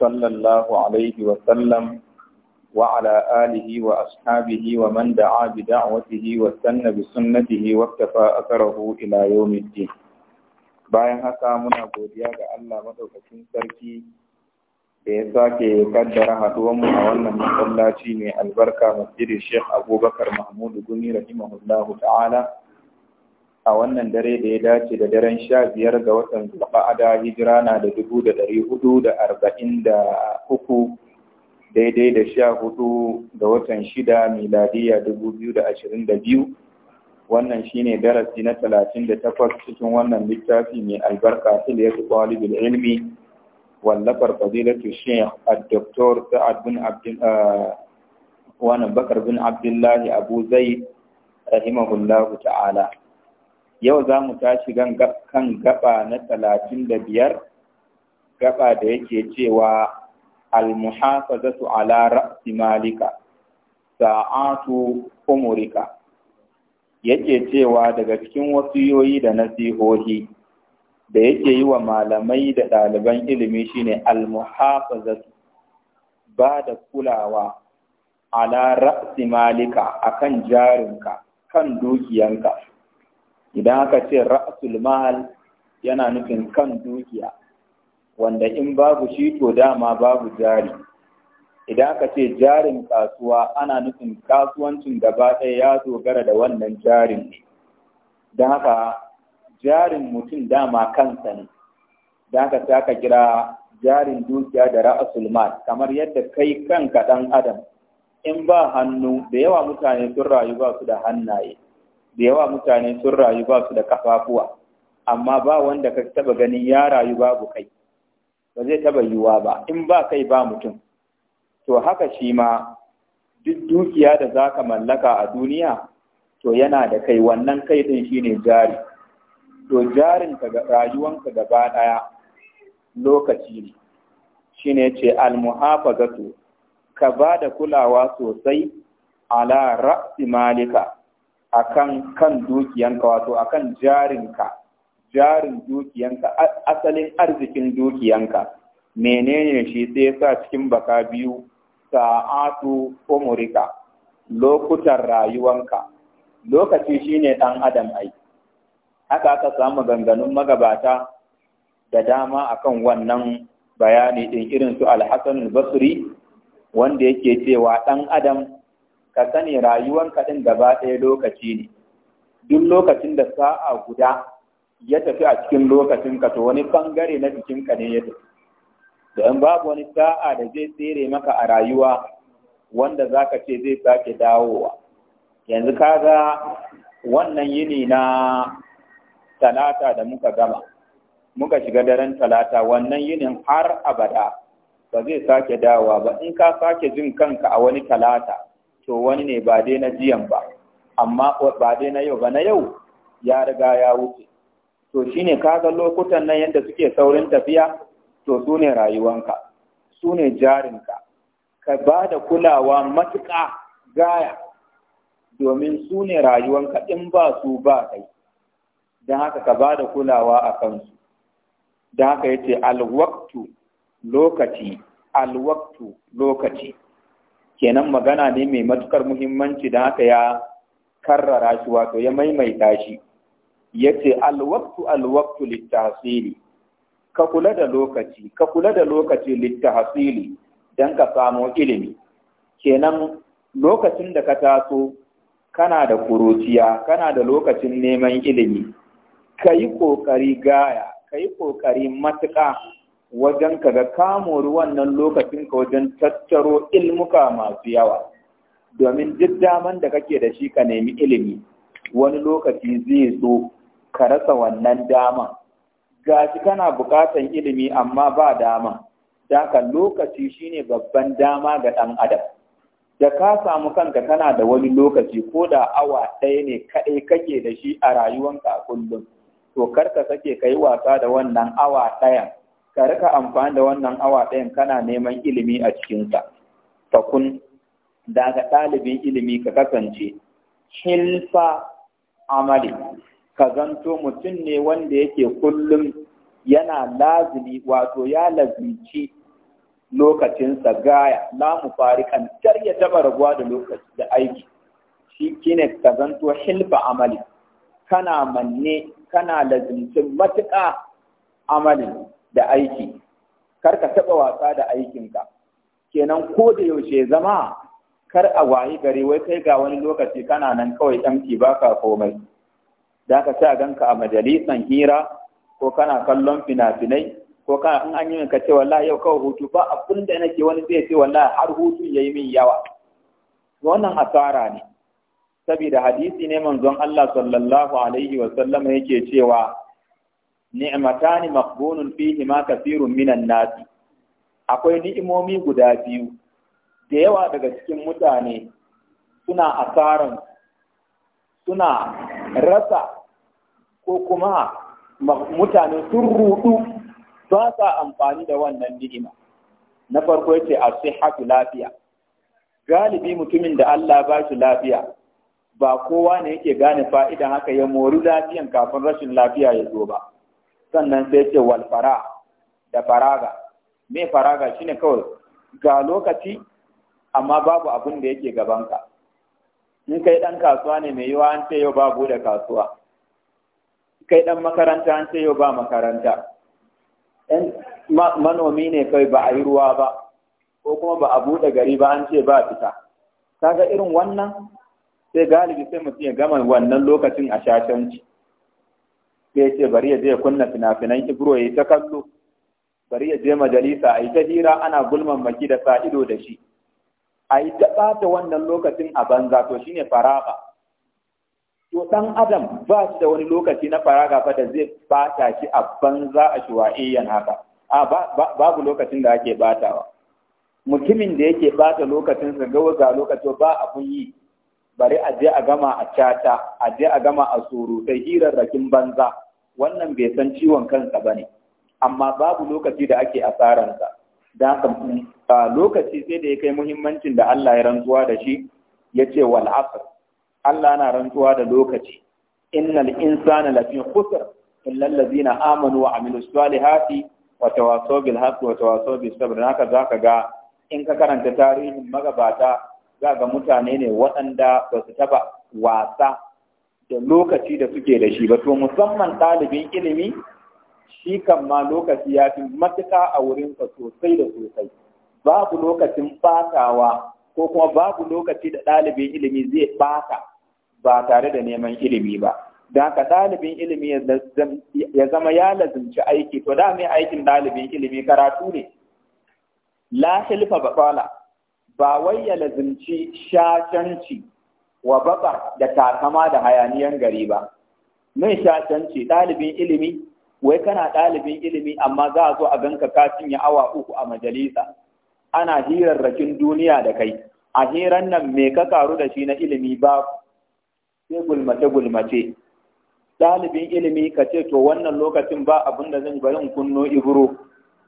صلى الله عليه وسلم وعلى آله وأصحابه ومن دعا بدعوته واستنى بسنته واكتفى أثره إلى يوم الدين bayan haka muna godiya ga Allah madaukakin sarki da ya sake kaddara haduwanmu a wannan masallaci mai albarka masjidin Sheikh Abubakar Mahmud Gumi rahimahullahu ta'ala a wannan dare da ya dace da daren sha biyar ga watan a hijira na da dubu da ɗari hudu da arba'in da uku daidai da sha hudu ga watan shida miladiya dubu biyu da ashirin da biyu wannan shine darasi na talatin da takwas cikin wannan littafi mai albarka hilyatu ya ilmi wallafar fadilatu sheikh al-doktor sa'ad bin abdul ah, wani bakar bin abdullahi abu zai rahimahullahu ta'ala yau za mu tashi kan gaba na talatin da biyar gaba da yake cewa almuhafazatu ala ra'si malika sa'atu umurika yake cewa daga cikin wasiyoyi da nasihohi da yake yi wa malamai da ɗaliban ilimi shine almuhafazatu ba da kulawa ala ra'si malika akan jarinka kan dukiyanka idan aka ce ra'asul mahal yana nufin kan dukiya wanda in babu shi to dama babu jari idan aka ce jarin kasuwa ana nufin kasuwancin gaba ɗaya ya dogara da wannan jarin ne don haka jarin mutum dama kansa ne don haka sai aka kira jarin dukiya da ra'asul mal kamar yadda kai kanka kaɗan adam in ba hannu da yawa mutane sun rayu ba su da hannaye da yawa mutane sun rayu ba su da kafafuwa amma ba wanda ka taba ganin ya rayu babu kai ba zai taba yiwuwa ba in ba kai ba mutum to haka shi ma duk dukiya da za ka mallaka a duniya to yana da kai wannan kai ɗin ne jari to ka ga rayuwanka gaba ɗaya lokaci ne shine ce almuhafazatu ka ba da kulawa sosai ala ra'si malika akan kan dukiyanka wato akan jarinka jarin dukiyanka asalin arzikin dukiyanka menene shi sai sa cikin baka biyu sa'atu umurika lokutan rayuwanka lokaci shine dan adam ai haka aka samu ganganun magabata da dama akan wannan bayani din irin su alhassan basri wanda yake cewa dan adam ka sani ka ɗin gaba ɗaya lokaci ne duk lokacin da sa'a guda ya tafi a cikin lokacinka to wani bangare na jikinka ne ya tafi in babu wani sa'a da zai tsere maka a rayuwa wanda za ka ce zai sake dawowa yanzu kaga wannan yini na talata da muka gama muka shiga daren talata wannan yinin har abada ba zai sake dawowa ba in ka sake jin kanka a wani talata to wani ne ba dai na jiyan ba amma ba dai na yau ba na yau ya riga ya wuce to shine ga lokutan nan yadda suke saurin tafiya to su ne rayuwanka su ne jarinka ka ba da kulawa matuƙa gaya domin su ne rayuwanka in ba su ba kai don haka ka ba da kulawa a kansu don haka yace alwaktu lokaci alwaktu lokaci kenan magana ne mai matukar muhimmanci da haka ya karrara shi wato ya maimaita shi ya ce alwaktu alwaktu littahasili ka kula da lokaci ka kula da lokaci littahasili don ka samo ilimi kenan lokacin da ka taso kana da kuruciya kana da lokacin neman ilimi ka yi ƙoƙari gaya ka yi ƙoƙari matuƙa wajen ka ga ruwan wannan lokacin ka wajen tattaro ilmuka masu yawa domin duk daman da kake da shi ka nemi ilimi wani lokaci zai zo ka rasa wannan daman gashi kana bukatan ilimi amma ba dama ka lokaci shine babban dama ga ɗan adam da ka samu kanka kana da wani lokaci ko da awa ɗaya ne kaɗai kake da shi a rayuwanka a kullum to ka sake ka yi wasa da wannan awa ɗayan ka rika amfani da wannan awa ɗayan kana neman ilimi a cikinsa fakun daga ɗalibin ilimi ka kasance hilfa amali ka zanto mutum ne wanda yake kullum yana lazimi wato ya lazimci lokacinsa gaya lamu farikan kan ya taɓa rabuwa da lokaci da aiki shi kine ka zanto hilfa amali kana manne kana lazimcin matuƙa amalin da aiki kar ka taɓa wasa da aikinka kenan ko da yaushe zama kar a wayi gare wai kai ga wani lokaci kana nan kawai ɗanki baka komai da ka sa ganka a majalisan hira ko kana kallon fina-finai ko kana in an yi ka ce wallahi yau kawai hutu ba abin da nake wani zai ce wallahi har hutu ya yi min yawa wannan asara ne saboda hadisi ne manzon Allah sallallahu alaihi wa yake cewa ni'matani maqbunun fihi ma kathirun minan nas akwai ni'imomi guda biyu da yawa daga cikin mutane suna asaran suna rasa ko kuma mutane sun rudu ba sa amfani da wannan ni'ima na farko yace as lafiya galibi mutumin da Allah ba shi lafiya ba kowa ne yake gane fa'idan haka ya mori lafiyan kafin rashin lafiya ya zo ba sannan sai ce wal fara da faraga me faraga shine kawai ga lokaci amma babu abin da yake gabanka in kai dan kasuwa ne mai yiwa an ce yau ba da kasuwa kai dan makaranta an ce yau ba makaranta ɗan manomi ne kai ba a yi ruwa ba ko kuma ba a buɗe gari ba an ce ba fita kaga irin wannan sai galibi sai mutum ya gama wannan lokacin a shashanci sai ya ce bari ya je kunna fina-finan ibro ya yi ta kallo bari ya je majalisa a yi ta hira ana gulman maki da sa ido da shi a yi ta ɓata wannan lokacin a banza to shine faraga to dan adam ba shi da wani lokaci na faraga fa da zai bata shi a banza a shuwa'iyyan haka a babu lokacin da ake batawa mutumin da yake bata lokacin sa ga wuga lokacin ba abun yi bari a je a gama a cata a je a gama a surutai hirarrakin banza wannan bai san ciwon kansa ba ne amma babu lokaci da ake asaransa da haka lokaci sai da ya kai muhimmancin da Allah ya rantsuwa da shi ya ce wa al’afir, Allah na rantsuwa da lokaci innal insana lafi kusur illa allazina amanu wa amilus salihati wa tawasaw bil haqqi wa wata bis sabr Za zaka ga in ka karanta tarihin magabata za ga mutane ne waɗanda ba su taba wasa da lokaci da suke da shi ba to musamman ɗalibin ilimi shi kan ma lokaci ya fi matuka a wurinsa sosai da sosai babu lokacin fatawa ko kuma babu lokaci da ɗalibin ilimi zai ɓata ba tare da neman ilimi ba da haka ɗalibin ilimi ya zama ya lazimci aiki to da mai aikin ɗalibin ilimi karatu ne la hilfa ba ba wai ya lazimci shashanci wa baka da takama da hayaniyan gari ba mun shatanci ɗalibin ilimi wai kana ɗalibin ilimi amma za a zo a ganka ka ya awa uku a majalisa ana hirarrakin duniya da kai a hirar nan me ka karu da shi na ilimi ba sai gulmace gulmace ɗalibin ilimi ka ce to wannan lokacin ba abin da zan barin kunno ibro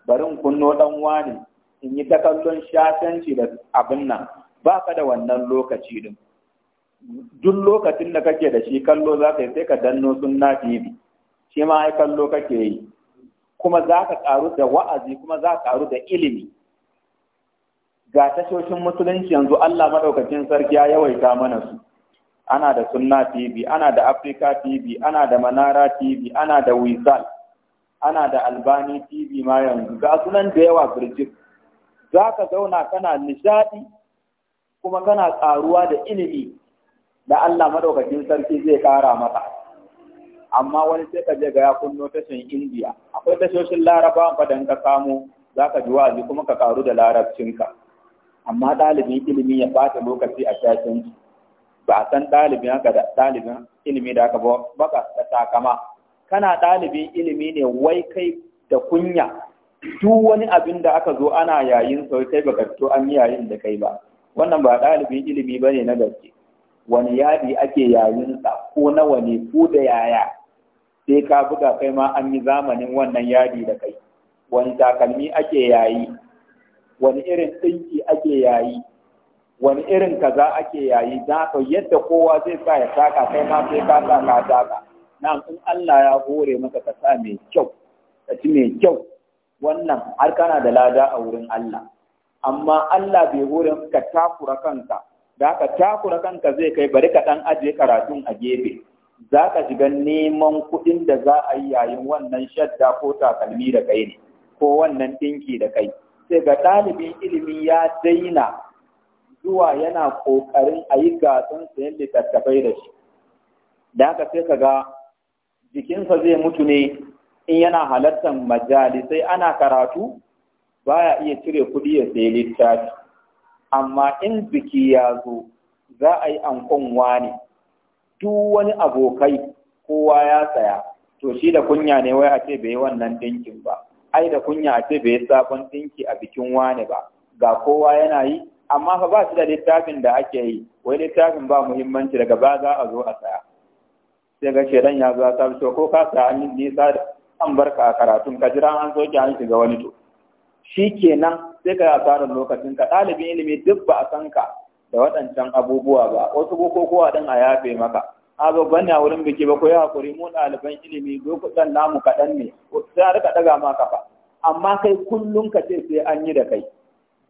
barin kunno ɗan wani in yi ta kallon shatanci da abin nan ba ka da wannan lokaci duk lokacin da kake da shi kallo za ka yi sai ka danno sunna tv shi ma ai kallo kake yi kuma za ka karu da wa'azi kuma za ka karu da ilimi ga tashoshin musulunci yanzu Allah madaukakin sarki ya yawaita mana su ana da sunna tv ana da africa tv ana da manara tv ana da wisal ana da albani tv ma yanzu ga sunan da yawa birjik za ka zauna kana nishadi kuma kana karuwa da ilimi da Allah madaukakin sarki zai kara mata amma wani sai ka je ga ya kunno tashin Indiya akwai tashoshin Laraba fa dan ka samu zaka ji wa'azi kuma ka karu da larabcinka amma ɗalibin ilimi ya bata lokaci a shashin ba a san ɗalibin haka da ɗalibin ilimi da aka baka da takama kana ɗalibin ilimi ne wai kai da kunya duk wani abin da aka zo ana yayin sau kai baka fito an yi yayin da kai ba wannan ba ɗalibin ilimi ba ne na gaske wani yadi ake yayinsa ko nawa ne ko da yaya sai ka buga kai ma an yi zamanin wannan yadi da kai wani takalmi ake yayi wani irin tsinki ake yayi wani irin kaza ake yayi da yadda kowa zai sa ya saka kai ma sai ka sa ka saka na in Allah ya hore maka ka sa mai kyau ka ci mai kyau wannan har kana da lada a wurin Allah amma Allah bai hore maka takura kanka da ka takura kanka zai kai bari ka ɗan ajiye karatun a gefe za ka shiga neman kuɗin da za a yi yayin wannan shadda ko takalmi da kai ne ko wannan ɗinki da kai sai ga ɗalibin ilimi ya daina zuwa yana ƙoƙarin a yi gasan sayan littattafai da shi da haka sai ka ga jikinsa zai mutu ne in yana halartar majalisai ana karatu baya iya cire kuɗi ya sayi littafi amma in biki ya zo za a yi ankon wani duk wani abokai kowa ya tsaya. to shi da kunya ne wai a ce bai wannan dinkin ba ai da kunya a ce bai sabon dinki a bikin wani ba ga kowa yana yi amma fa ba shi da littafin da ake yi wai littafin ba muhimmanci daga ba za a zo a tsaya. sai ga shedan ya zo ta to ko ka sa an nisa an barka a karatun ka jira an ki an shiga wani to shikenan sai ka yi asarar lokacin ka ɗalibin ilimi duk ba a san ka da waɗancan abubuwa ba wasu bukukuwa din a yafe maka a babban ne a wurin biki ba ko yi hakuri mu ɗaliban ilimi lokutan namu kaɗan ne sai a rika ɗaga maka kafa amma kai kullum ka ce sai an yi da kai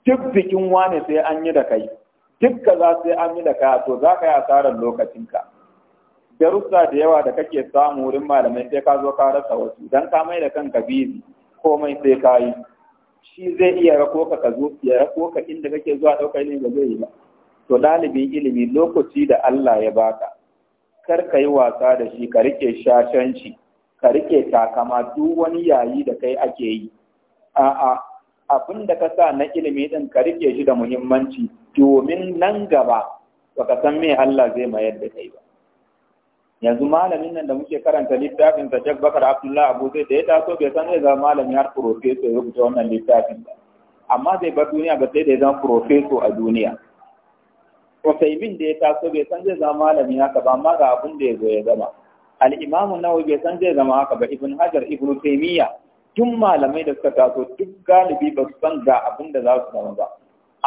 duk bikin wani sai an yi da kai duk ka za sai an yi da kai to za ka yi asarar lokacinka darussa da yawa da kake samu wurin malamai sai ka zo ka rasa wasu dan ka mai da kanka bizi komai sai ka yi shi zai iya rako ka zo ya rako inda kake zuwa ɗaukar ne ba zai yi ba to ɗalibin ilimi lokaci da Allah ya baka kar ka yi wasa da shi ka rike shashanci ka rike takama duk wani yayi da kai ake yi a'a abin da ka sa na ilimi din ka rike shi da muhimmanci domin nan gaba baka san me Allah zai mayar da kai ba yanzu malamin nan da muke karanta littafin ta Jack Bakar Abdullah Abu Zaid da ya taso bai san zai zama malami har profeso ya rubuta wannan littafin ba amma zai bar duniya ba sai da ya zama profeso a duniya Usaimin da ya taso bai san zai zama malami haka ba amma ga abin da ya zo ya zama al-Imam Nawawi bai san zai zama haka ba Ibn Hajar Ibn Taymiyyah duk malamai da suka taso duk galibi ba su san ga abin da za su zama ba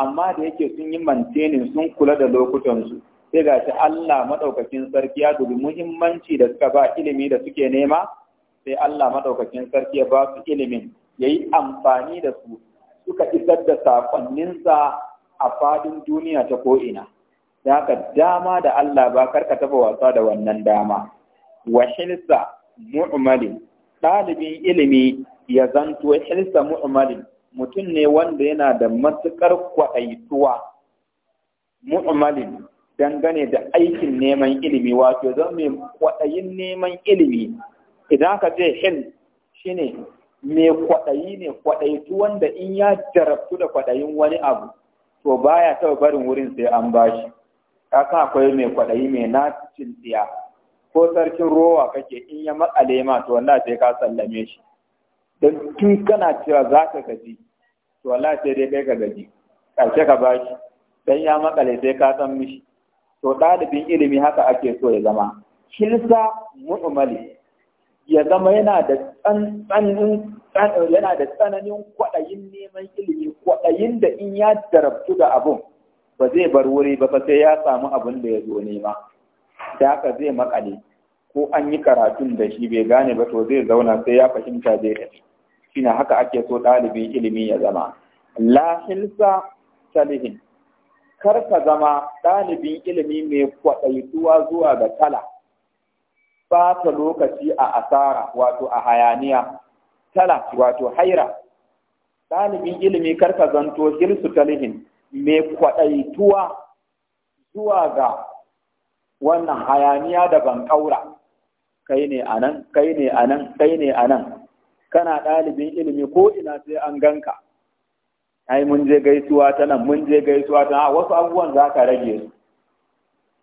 amma da yake sun yi mantenin sun kula da lokutansu sai ga shi Allah maɗaukakin sarki ya dubi muhimmanci da suka ba ilimi da suke nema sai Allah maɗaukakin sarki ya ba su ilimin ya yi amfani da su suka isar da saƙonninsa a fadin duniya ta ko'ina Ya haka dama da Allah ba karka taɓa wasa da wannan dama Wahilsa hilsa mu'malin ɗalibin ilimi ya zanto hilsa mu'malin mutum ne wanda yana da matuƙar kwaɗaituwa mu'malin dangane da aikin neman ilimi wato zan mai kwaɗayin neman ilimi idan ka ce hin ne mai kwaɗayi ne kwaɗayi kwaɗaitu wanda in ya jarabtu da kwaɗayin wani abu to baya taɓa barin wurin sai an shi ka sa akwai mai kwaɗayi mai nacin tsiya ko sarkin rowa kake in ya matsale ma to wanda sai ka sallame shi don tun kana cewa za ka gaji to wallahi sai dai kai ka gaji ƙarshe ka bashi dan ya maƙale sai ka san mishi to ɗalibin ilimi haka ake so ya zama hilsa mu'mali ya zama yana da tsananin kwaɗayin neman ilimi kwaɗayin da in ya darabtu da abun ba zai bar wuri ba sai ya samu abun da ya zo nema da haka zai makale ko an yi karatun da shi bai gane ba to zai zauna sai ya fahimta zai tafi shi haka ake so ɗalibin ilimi ya zama la hilsa salihin kar ka zama ɗalibin ilimi mai kwaɗaituwa zuwa ga tala ta lokaci a asara wato a hayaniya tala wato haira ɗalibin ilimi kar ka zanto hirsu talihin mai kwaɗaituwa zuwa ga wannan hayaniya da ban ƙaura kai ne a kai ne a kai ne a kana ɗalibin ilimi ko ina sai an ganka ai mun je gaisuwa ta nan mun je gaisuwa ta nan wasu abubuwan za ka rage su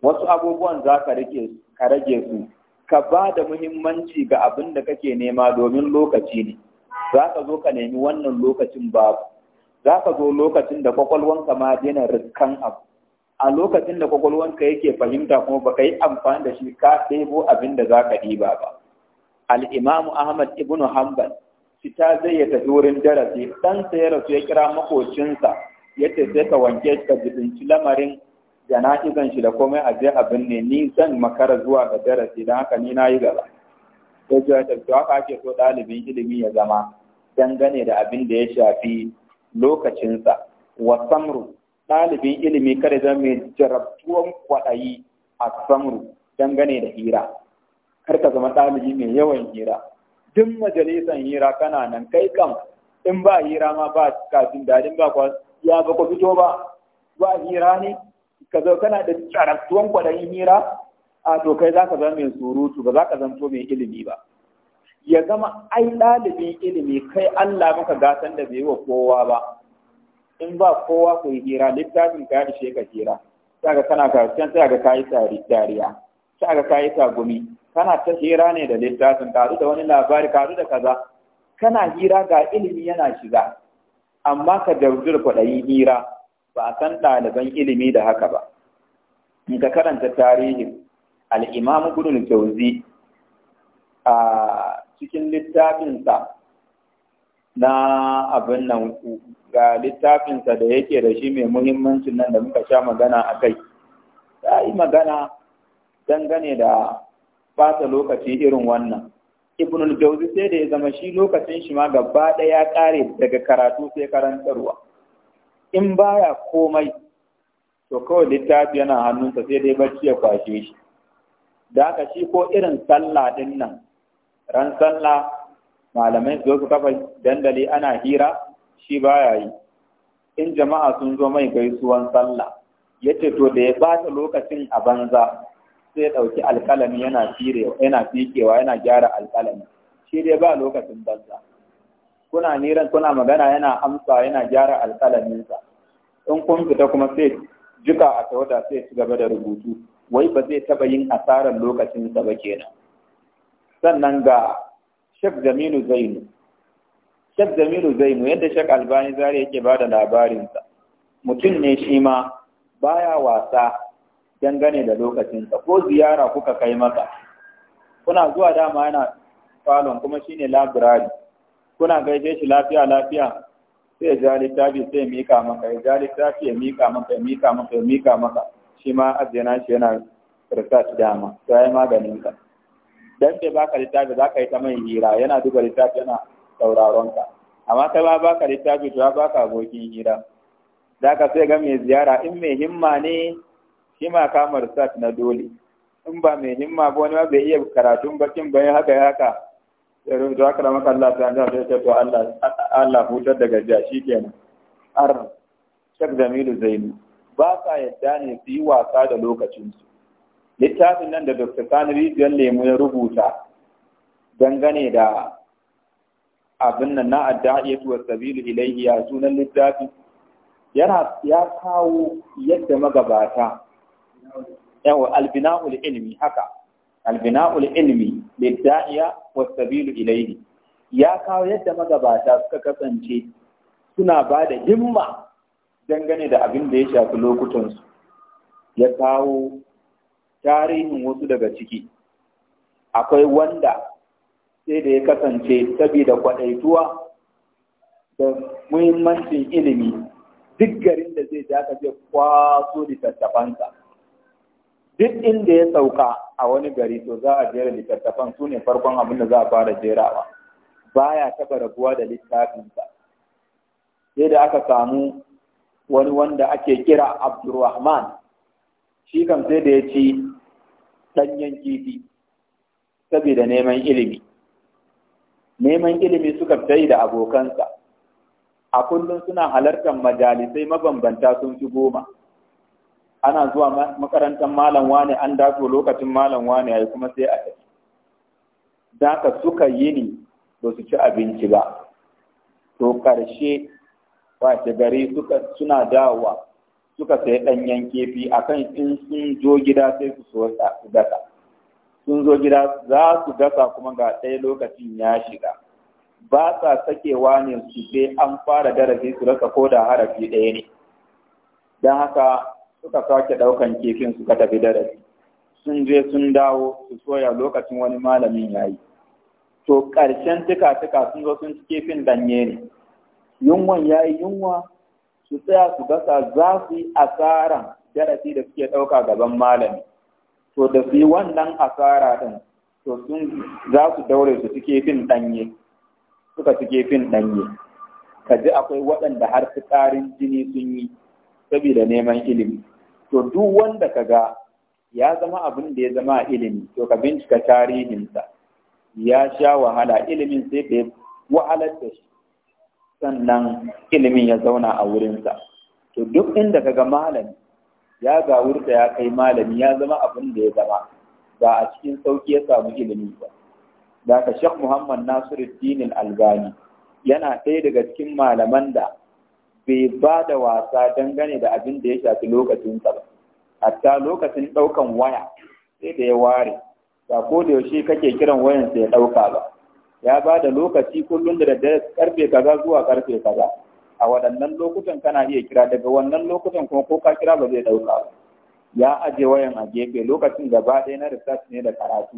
wasu abubuwan za ka rage ka rage su ka ba da muhimmanci ga abin da kake nema domin lokaci ne za ka zo ka nemi wannan lokacin babu za ka zo lokacin da kwakwalwanka ma daina rikan abu a lokacin da kwakwalwanka yake fahimta kuma ba ka yi amfani da shi ka ɗebo abin da za ka ɗiba ba al'imamu ahmad ibnu hanbal fita zai ya tafi wurin darasi ɗansa ya rasu ya kira makocinsa ya ce sai ka wanke ka jibinci lamarin jana'izan shi da komai a je abin ne ni zan makara zuwa ga darasi don haka ni na yi gaba sai ya tafi haka ake so ɗalibin ilimi ya zama dangane da abin da ya shafi lokacinsa wa samru ɗalibin ilimi kada zan mai jarabtuwan kwaɗayi a samru dangane da hira kar ka zama ɗalibi mai yawan hira duk majalisan hira kana nan kai kam in ba hira ma ba kafin dadin ba kwa ya ba ku fito ba ba hira ne ka zo kana da tsaratuwan kwadan hira a to kai za ka zama mai surutu ba za ka zanto mai ilimi ba ya zama ai ɗalibin ilimi kai Allah maka gasan da bai wa kowa ba in ba kowa ku hira littafin ka ya ishe ka hira sai ga kana karshen sai ga kayi tsari dariya sai ga kayi tagumi kana ta hira ne da littafin karu da wani labari karu da kaza kana hira ga ilimi yana shiga amma ka jaudur kwaɗayi hira ba a san ɗaliban ilimi da haka ba in ka karanta tarihin al'imamu gudun jauzi a cikin littafinsa na abin nan ga littafinsa da yake da shi mai muhimmancin nan da muka sha magana a kai ya yi magana dangane da bata lokaci irin wannan ibn al-jawzi sai da ya zama shi lokacin shi ma gaba ɗaya ya kare daga karatu sai karantarwa in baya komai to kawai littafi yana hannunsa sai dai bacci ya kwashe shi da aka shi ko irin sallah din nan ran sallah malamai su su kafa dandali ana hira shi baya yi in jama'a sun zo mai gaisuwan sallah yace to da ya bata lokacin a banza sai ya ɗauki alƙalami yana fire yana fikewa yana gyara alƙalami shi dai ba lokacin banza kuna niran kuna magana yana amsa yana gyara alƙalaminsa in kun fita kuma sai jika a tawada sai ci gaba da rubutu wai ba zai taɓa yin asarar lokacinsa ba kenan sannan ga Sheikh Jaminu Zainu Sheikh Jaminu Zainu yadda Sheikh Albani Zari yake bada da labarinsa mutum ne shi ma baya wasa dangane da lokacinsa ko ziyara kuka kai maka. kuna zuwa dama yana falon kuma shine labirari kuna gaishe shi lafiya lafiya sai ja littafi sai mika maka ya ja littafi ya mika maka ya mika maka ya mika maka shi ma azina shi yana research dama to maganin ka dan bai baka littafi zaka yi ta mai hira yana duba littafi yana sauraron ka amma kai ba baka littafi to ba baka abokin hira zaka sai ga mai ziyara in mai himma ne shi ma kamar sat na dole in ba mai himma ba wani ma bai iya karatun bakin bayan haka ya haka da rubuta haka da maka Allah ta sai to Allah Allah hutar da gajiya shikenan ar shak Jamilu Zainu ba sa yadda ne su yi wasa da lokacin su littafin nan da Dr. Sani Rijiyar Lemu ya rubuta dangane da abin nan na adda'iyatu wa sabilu ilayhi ya sunan littafi yana ya kawo yadda magabata yawa albina'ul ilmi haka albina'ul ilmi da'iya wa sabilu ilayhi ya kawo yadda magabata suka kasance suna ba da himma dangane da abin da ya shafi lokutansu ya kawo tarihin wasu daga ciki akwai wanda sai da ya kasance saboda kwaɗaituwa da muhimmancin ilimi duk garin da zai ja kwaso da littattafansa duk inda ya sauka a wani gari to za a jera littattafan su ne farkon abin da za a fara jerawa baya taɓa rabuwa da littafinsa sai da aka samu wani wanda ake kira abdurrahman shi kam sai da ya ci ɗanyen kifi saboda neman ilimi neman ilimi suka fita da abokansa a kullum suna halartar majalisai mabambanta sun fi goma ana zuwa makarantar malam wane an dazo lokacin malam wane yayi kuma sai a tafi daka suka yi ni ba su ci abinci ba to karshe wace gari suka suna dawowa suka sayi ɗanyen kifi akan in sun zo gida sai su so su gasa sun zo gida za su gasa kuma ga ɗaya lokacin ya shiga ba sa sakewa ne su sai an fara darasi su rasa ko da harafi ɗaya ne don haka suka sake ɗaukan kifin suka tafi darasi sun je sun dawo su soya lokacin wani malamin yayi to ƙarshen tuka-tuka sun zo sun ci kifin danye ne yunwan yayi yunwa su tsaya su gasa za su yi asara darasi da suke ɗauka gaban malami to da su yi wannan asara ɗin to sun za su daure su ci kifin danye. suka ci kifin danye. ka akwai waɗanda har fitsarin jini sun yi saboda neman ilimi to duk wanda ka ga ya zama abin da ya zama ilimi to ka bincika tarihinsa ya sha wahala ilimin sai da wahalar da shi sannan ilimin ya zauna a wurinsa to duk inda ka ga malami ya ga wurta ya kai malami ya zama abin da ya zama ba a cikin sauki ya samu ilimi ba da ka shek muhammad nasiruddin albani yana ɗaya daga cikin malaman da bai ba da wasa dangane da abin da ya shafi lokacinsa ba hatta lokacin ɗaukan waya sai da ya ware ba ko da yaushe kake kiran wayan sai ya ɗauka ba ya ba da lokaci kullum da daddare karfe kaza zuwa karfe kaza a waɗannan lokutan kana iya kira daga wannan lokutan kuma ko ka kira ba zai ɗauka ba ya aje wayan a gefe lokacin gaba ɗaya na research ne da karatu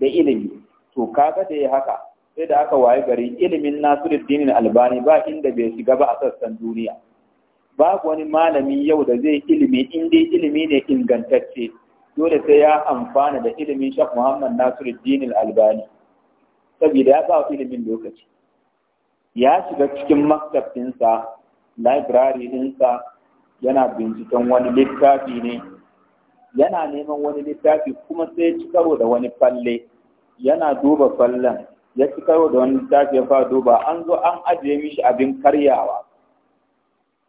da ilimi to kaga da ya haka sai da aka waye gari ilimin dinin Albani ba inda bai shiga ba a sassan duniya babu wani malami yau da zai ilimi in ilimi ne ingantacce dole sai ya amfana da ilimin Sheikh Muhammad dinin Albani saboda ya ba ilimin lokaci ya shiga cikin maktabinsa library ɗinsa yana binciken wani littafi ne yana neman wani littafi kuma sai ci karo da wani falle yana duba fallen ya ci karo da wani littafi ya fara duba an zo an ajiye mishi abin karyawa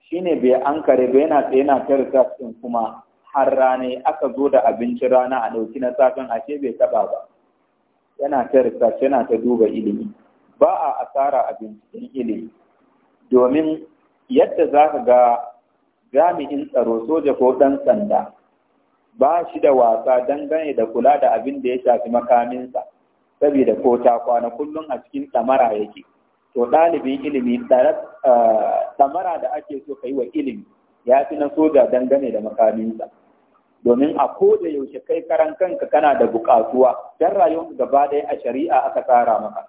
shine bai an kare bai yana tsaye yana ta research kuma har rana aka zo da abinci rana a ɗauki na safin ashe bai taɓa ba yana ta research yana ta duba ilimi ba a asara a binciken ilimi domin yadda za ka ga jami'in tsaro soja ko ɗan sanda ba shi da wasa dangane da kula da abin da ya shafi makaminsa saboda ko ta kwana kullum a cikin ɗamara yake to ɗalibin ilimi eh, ɗamara da ake so ka yi wa ilimi ya fi na soja dangane da makaminsa domin a ko da yaushe kai karan kanka kana da buƙatuwa dan rayuwar gaba ɗaya a shari'a aka tsara maka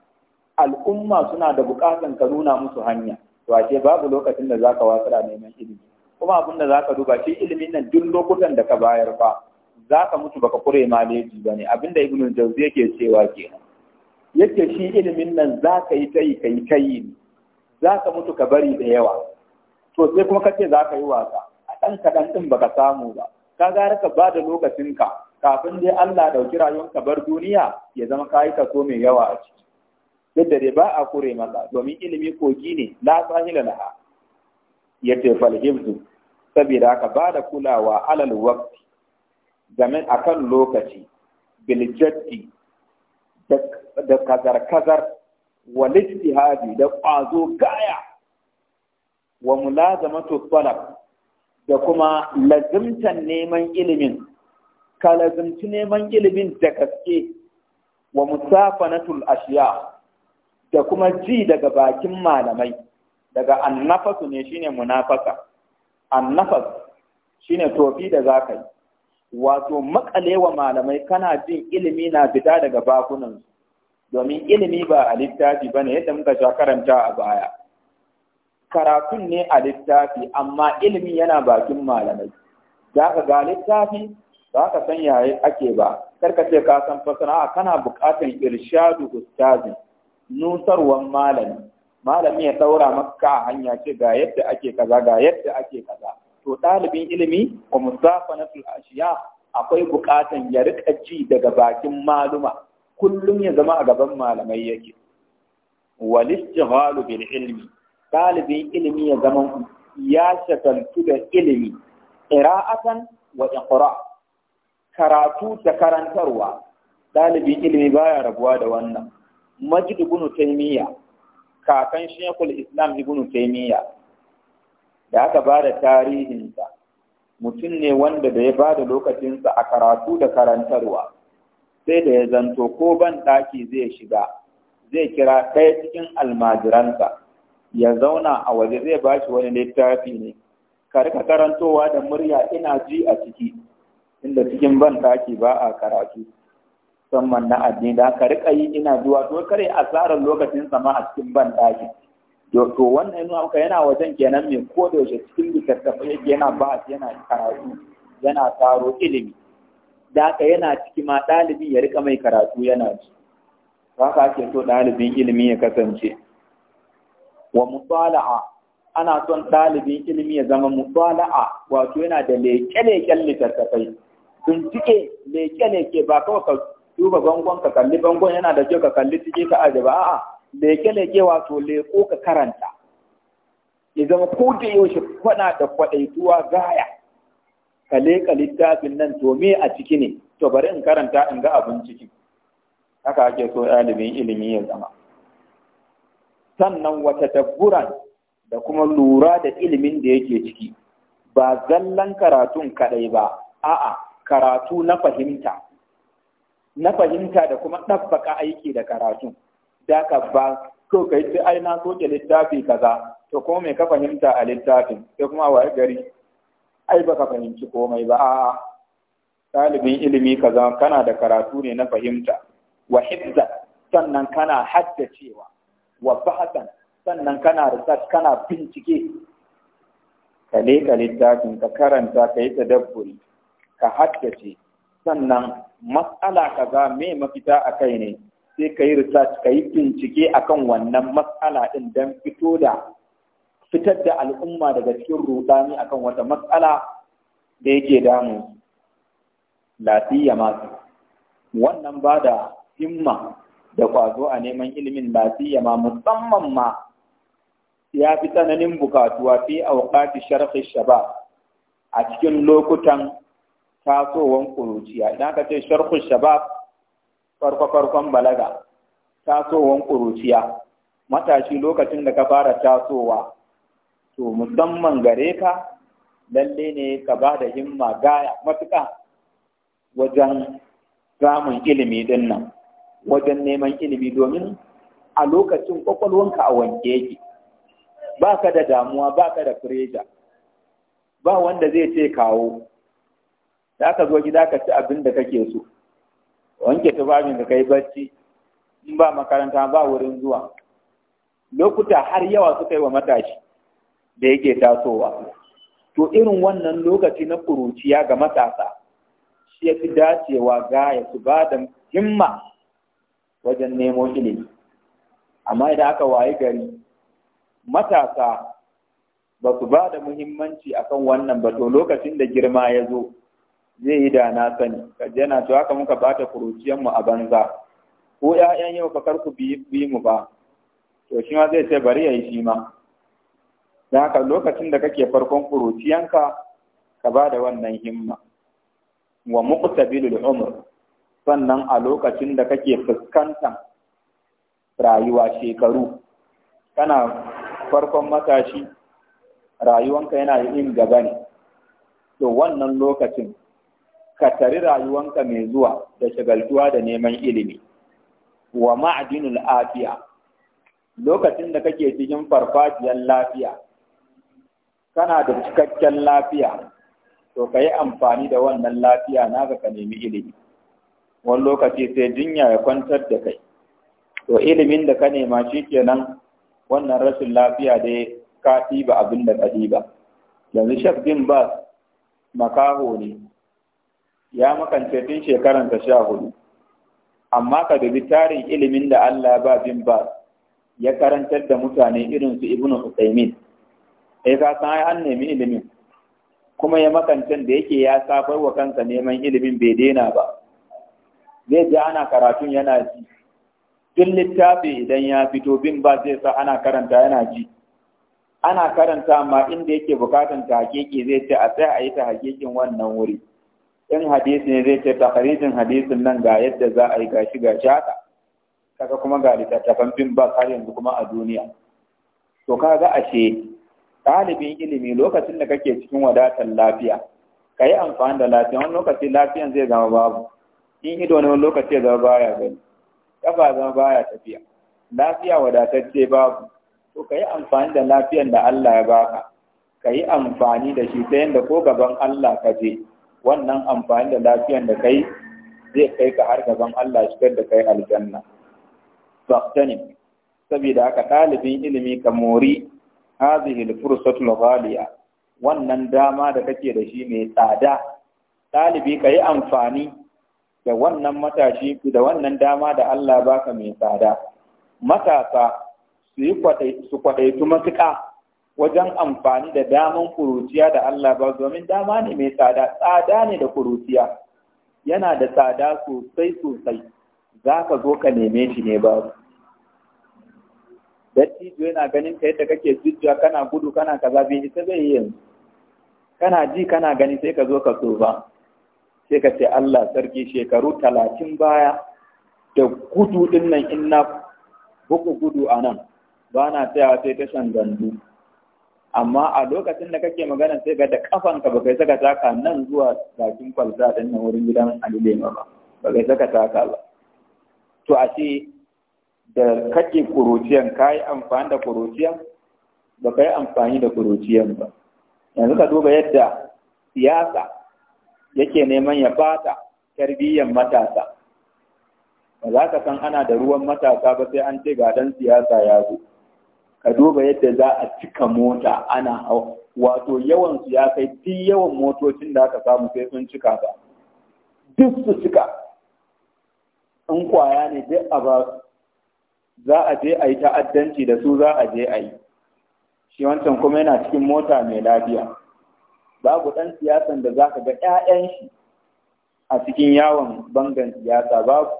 al'umma suna da buƙatan ka nuna musu hanya to ake babu lokacin da zaka wasara neman ilimi kuma abin da zaka duba shi ilimin nan duk lokutan da ka bayar fa ka mutu baka kure ma ba ne abinda ibnu jauzi yake cewa kenan yake shi ilimin nan za ka yi ta yi ka yi za ka mutu ka bari da yawa to sai kuma kace za ka yi wasa a ɗan kaɗan ɗin baka samu ba ka gara ka ba da lokacinka kafin dai Allah ɗauki rayuwar ka bar duniya ya zama ka yi kaso mai yawa a ciki yadda dai ba a kure masa domin ilimi kogi ne la sahila laha ya ce falhibzu saboda ka ba da kulawa alal waqti game akan lokaci biljaddi da kazar-kazar wa lijtihadi da ƙwazo gaya wa mulazamatu talab da kuma lazimtan neman ilimin ka lazimci neman ilimin da gaske wa musafanatul ashiya da kuma ji daga bakin malamai daga annafasu ne shine munafaka annafas shine tofi da za ka yi wato makalewa malamai kana jin ilimi na fita daga bakunan domin ilimi ba a littafi ba ne yadda muka sha karanta a baya karatun ne a littafi amma ilimi yana bakin malamai za ka ga littafi za ka san yaya ake ba karka ce ka san fasara kana buƙatar irshadu ustazi nusarwar malami malami ya daura maka hanya ce ga yadda ake kaza ga yadda ake kaza to ɗalibin ilimi wa na ashiya akwai buƙatan ya riƙa ji daga bakin maluma kullum ya zama a gaban malamai yake walistihhalu bil ilimi. ɗalibin ilimi ya zama ya shagaltu da ilimi ira'atan wa iqra karatu da karantarwa ɗalibin ilimi baya rabuwa da wannan majid ibn taymiya kakan shekul islam ibn taymiya da aka ba da tarihinsa mutum ne wanda da ya ba da lokacinsa a karatu da karantarwa sai da ya zanto ko ban ɗaki zai shiga zai kira ɗaya cikin almajiransa ya zauna a waje zai ba shi wani littafi ne ka karantowa da murya ina ji a ciki inda cikin ban ɗaki ba a karatu musamman na addini da ka riƙa yi ina zuwa to kare asarar lokacin sama a cikin ban ɗaki to wannan nuna ka yana wajen kenan mai ko da yaushe cikin littattafai yake yana ba yana karatu yana taro ilimi da aka yana ciki ma ɗalibin ya rika mai karatu yana ci haka ake so ɗalibin ilimi ya kasance wa mutsala'a ana son ɗalibin ilimi ya zama mutsala'a wato yana da leke-leken littattafai cike leke-leke ba kawai ka duba bangon ka kalli bangon yana da kyau ka kalli cike ka ajiye ba a'a leke-leke wato leko ka karanta ya zama ko da yaushe kwana da zuwa gaya ka leka littafin nan to me a ciki ne to bari in karanta in ga abin ciki haka ake so ɗalibin ilimi ya zama sannan wata dabburan da kuma lura da ilimin da yake ciki ba zallan karatun kaɗai ba a'a karatu na fahimta na fahimta da kuma ɗabbaka aiki da karatun da ka ba ko ka ta ai na soke littafi kaza to ko me ka fahimta a littafin sai kuma wa gari ai ba ka fahimci komai ba a'a ɗalibin ilimi kaza kana da karatu ne na fahimta wa hizza sannan kana haddacewa wa bahasan sannan kana research kana bincike ka leka littafin ka karanta ka yi tadabburi ka haddace sannan matsala kaza me mafita a kai ne sai ka yi research ka yi bincike a kan wannan matsala ɗin don fito da fitar da al'umma daga cikin rudani akan wata matsala da yake damu lafiya masu wannan ba da himma da kwazo a neman ilimin lafiya ma musamman ma ya fi tsananin bukatuwa fi wakati sharfi shabab a cikin lokutan tasowar ƙuruciya idan ka ce sharfi shabab farko-farkon balaga tasowan ƙuruciya matashi lokacin da ka fara tasowa to musamman gare ka lalle ne ka ba da himma gaya matuƙa wajen samun ilimi din nan wajen neman ilimi domin a lokacin ƙwaƙwalwanka a wanke yake ba ka da damuwa ba ka da fureja, ba wanda zai ce kawo za ka zo gida ka ci abin da kake so wanke tufafin ka kai bacci in ba makaranta ba wurin zuwa lokuta har yawa suka yi wa matashi da yake tasowa to irin wannan lokaci na kuruciya ga matasa shi ya fi dacewa gaya su ba da himma wajen nemo ilimi amma idan aka waye gari matasa ba su ba da muhimmanci akan wannan ba to lokacin da girma ya zo zai yi da na sani Kaje yana to haka muka bata kuruciyan mu a banza ko ƴaƴan yau fa kar ku bi mu ba to shi ma zai ce bari yayi shi ma dan haka lokacin da kake farkon kuruciyanka ka ba da wannan himma wa muqtabilul umr sannan a lokacin da kake fuskanta rayuwa shekaru kana farkon matashi rayuwanka yana yin gaba ne to wannan lokacin ka tari rayuwanka mai zuwa da shagaltuwa da neman ilimi wa ma'adinul afiya lokacin da kake cikin farfajiyar lafiya kana da cikakken lafiya to ka yi amfani da wannan lafiya naka ka nemi ilimi wani lokaci sai jinya ya kwantar da kai to ilimin da ka nema shi kenan wannan rashin lafiya dai ka ɗiba abin da ka ɗiba yanzu shek bin bas makaho ne ya makance tun shekaran ta sha hudu amma ka dubi tarin ilimin da Allah ba bin ba ya karantar da mutane irin su ibnu Uthaymeen eh ka san ai an nemi ilimin kuma ya makancin da yake ya safar wa kansa neman ilimin bai daina ba zai ji ana karatun yana ji duk littafi idan ya fito bin ba zai sa ana karanta yana ji ana karanta amma inda yake bukatan ta hakiki zai ce a tsaya a yi ta hakikin wannan wuri in hadisi ne zai ce takarijin hadisin nan ga yadda za a yi gashi gashi haka kaga kuma ga littattafan bin ba har yanzu kuma a duniya to kaga ashe ɗalibin ilimi lokacin da kake cikin wadatar lafiya ka yi amfani da lafiya wani lokaci lafiyan zai zama babu in ido ne wani lokaci zama baya gani kafa zama baya tafiya lafiya wadatacce babu to ka yi amfani da lafiyan da Allah ya baka ka yi amfani da shi ta yadda ko gaban Allah ka je wannan amfani da lafiyan da kai zai kai ka har gaban Allah shigar da kai aljanna faqtani saboda haka ɗalibin ilimi ka mori hadhihi al al ghaliya wannan dama da kake da shi mai tsada Dalibi ka amfani da wannan matashi da wannan dama da Allah baka mai tsada matasa su yi su kwadaitu matuƙa wajen amfani da daman kuruciya da Allah ba domin dama ne mai tsada tsada ne da kuruciya yana da tsada sosai sosai za ka zo ka neme shi ne ba dattijo yana ganin ka yadda kake jujjuwa kana gudu kana kaza bai ita zai yi yanzu kana ji kana gani sai ka zo ka so ba sai ka ce Allah sarki shekaru talatin baya da gudu nan in na buku gudu a nan ba na tsayawa sai tashan gandu amma a lokacin da kake magana sai ga da kafan ba kai saka taka nan zuwa bakin kwalta din nan wurin gidan alilema ba ba kai saka taka ba to a ce da kake kuruciyan ka yi amfani da kuruciyan ba kai amfani da kuruciyan ba yanzu ka duba yadda siyasa yake neman ya fata tarbiyyar matasa ba za ka san ana da ruwan matasa ba sai an ce ga dan siyasa ya zo ka duba yadda za a cika mota ana hau wato yawan su ya kai duk yawan motocin da aka samu sai sun cika ba duk su cika in kwaya ne duk a ba za a je a yi ta'addanci da su za a je a yi shi wancan kuma yana cikin mota mai lafiya babu ɗan siyasan da za ka ga 'ya'yan shi a cikin yawon bangan siyasa babu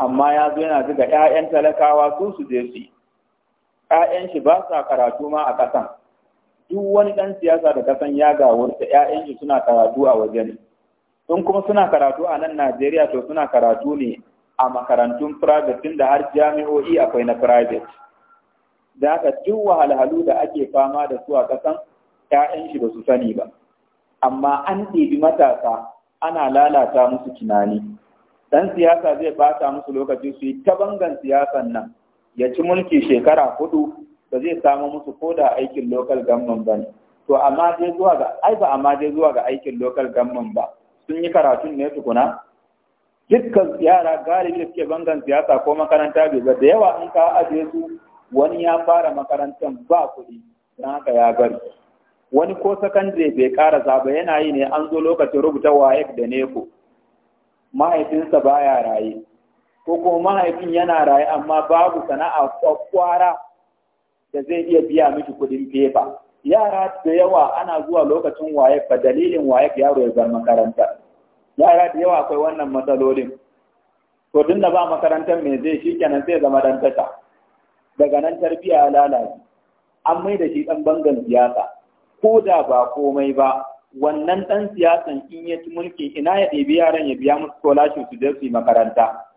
amma ya zo yana zuga 'ya'yan talakawa sun su je su yi ‘ya'yan shi ba sa karatu ma a ƙasan, duk wani ɗan siyasa da ƙasan ya gawarta ‘ya'yan shi suna karatu a waje ne, in kuma suna karatu a nan Najeriya to suna karatu ne a makarantun private tun da har jami'o'i akwai na private. Da haka duk wahalhalu da ake fama da su a ƙasan ‘ya'yan shi ba su sani ba, amma an ɗibi matasa ana lalata musu tunani. Ɗan siyasa zai ta musu lokaci su yi ta bangan siyasan nan, ya ci mulki shekara hudu ba zai samu musu ko da aikin local government ba ne to amma dai zuwa ga ai ba amma dai zuwa ga aikin local government ba sun yi karatun ne tukuna dukkan yara galibi da suke bangan siyasa ko makaranta bai ba da yawa in ka ajiye su wani ya fara makarantar ba kuɗi don haka ya bari wani ko sakandare bai karasa ba yana yi ne an zo lokacin rubuta waec da neko mahaifinsa baya raye ko kuma mahaifin yana raye amma babu sana'a kwakwara da zai iya biya miki kuɗin fefa yara da yawa ana zuwa lokacin waye fa dalilin waye yaro ya bar makaranta yara da yawa akwai wannan matsalolin to tun da ba makarantar me zai shi kenan sai zama dan tata daga nan tarbiya lalace an mai da shi dan bangan siyasa ko da ba komai ba wannan dan siyasan in ya ci mulki ina ya ɗebi yaran ya biya musu kola su je su yi makaranta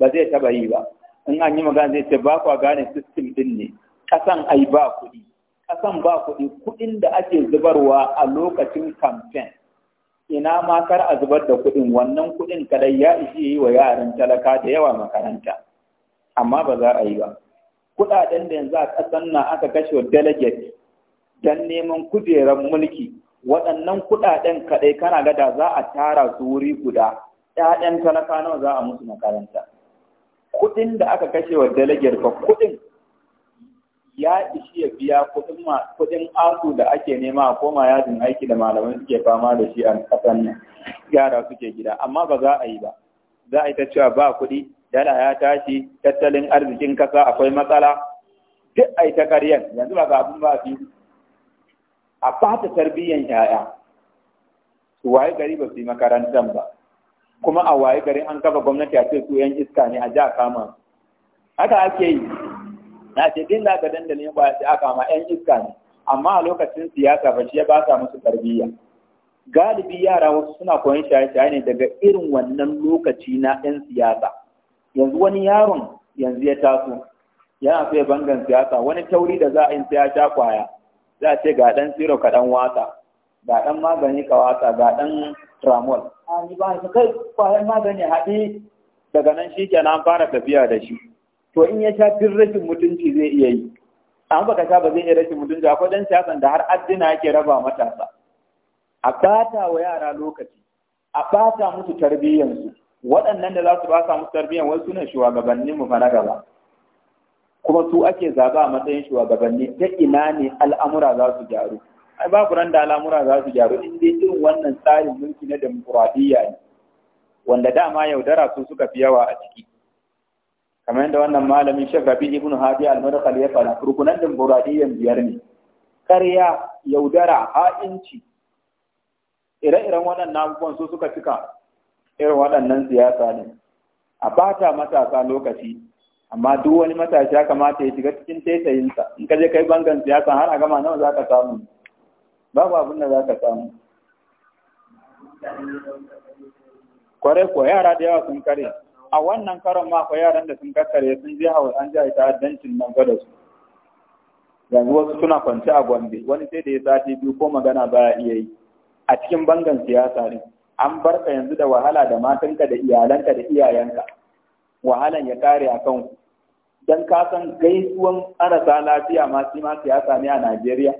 ba zai taba yi ba in an yi magana zai ce ba kwa gane sistim din ne kasan ai ba kuɗi kasan ba kuɗi kuɗin da ake zubarwa a lokacin kamfen. ina ma kar a zubar da kuɗin wannan kuɗin kadai ya ishe yi wa yaran talaka da yawa makaranta amma ba za a yi ba kuɗaɗen da yanzu a ƙasan nan aka kashe wa delegate don neman kujerar mulki waɗannan kuɗaɗen kaɗai kana gada za a tara su wuri guda ‘ya'yan talaka nawa za a mutu makaranta kuɗin da aka kashe wa dalagar ba kuɗin ya ishi ya biya kuɗin ma asu da ake nema a koma yajin aiki da malamai suke fama da shi a kasan nan yara suke gida amma ba za a yi ba za a yi ta cewa ba kuɗi dala ya tashi tattalin arzikin kasa akwai matsala duk a yi ta karyar yanzu ba ga abin ba fi a fata tarbiyyar yaya su waye gari ba su yi makarantar ba kuma a waye garin an kafa gwamnati a ce su yan iska ne a ja kama haka ake yi na ce din da dandalin ba ce aka ma yan iska ne amma a lokacin siyasa ba shi ya ba sa musu tarbiyya galibi yara wasu suna koyon shaye-shaye ne daga irin wannan lokaci na yan siyasa yanzu wani yaron yanzu ya taso yana so ya bangan siyasa wani tauri da za a yi sai ya sha kwaya za a ce ga dan siro ka dan wasa ga ɗan magani ka ga ɗan tramol a ni ba su kai kwayar magani haɗi daga nan shi kenan an fara tafiya da shi to in ya sha fin rashin mutunci zai iya yi an baka sha ba zai iya rashin mutunci akwai dan siyasan da har addina yake raba matasa a ɓata wa yara lokaci a ɓata musu tarbiyyansu waɗannan da za su basa musu tarbiyyan wasu suna shugabannin mu na gaba kuma su ake zaba a matsayin shugabanni ta ina ne al'amura za su gyaru babu ran da al'amura za su gyaru in dai irin wannan tsarin mulki na demokuraɗiyya ne wanda dama yaudara su suka fi yawa a ciki kamar yadda wannan malamin Sheikh Rabi ibn Hadi al ya fara rukunan demokuraɗiyyan biyar ne karya yaudara ha'inci ire-iren waɗannan abubuwan su suka cika irin waɗannan siyasa ne a bata matasa lokaci amma duk wani matashi ya kamata ya shiga cikin taitayinsa in ka je kai bangan siyasa har a gama nawa za ka samu babu abin da za ka samu kware ko yara da yawa sun kare a wannan karon ma ko yaran da sun kakkare sun je hawa an ji addancin nan ga da su yanzu wasu suna kwanci a gombe wani sai da ya sati biyu ko magana baya iya yi a cikin bangan siyasa ne an bar ka yanzu da wahala da matanka da iyalanka da iyayenka wahalan ya kare a kan dan ka san gaisuwan marasa lafiya masu yi ma siyasa ne a Najeriya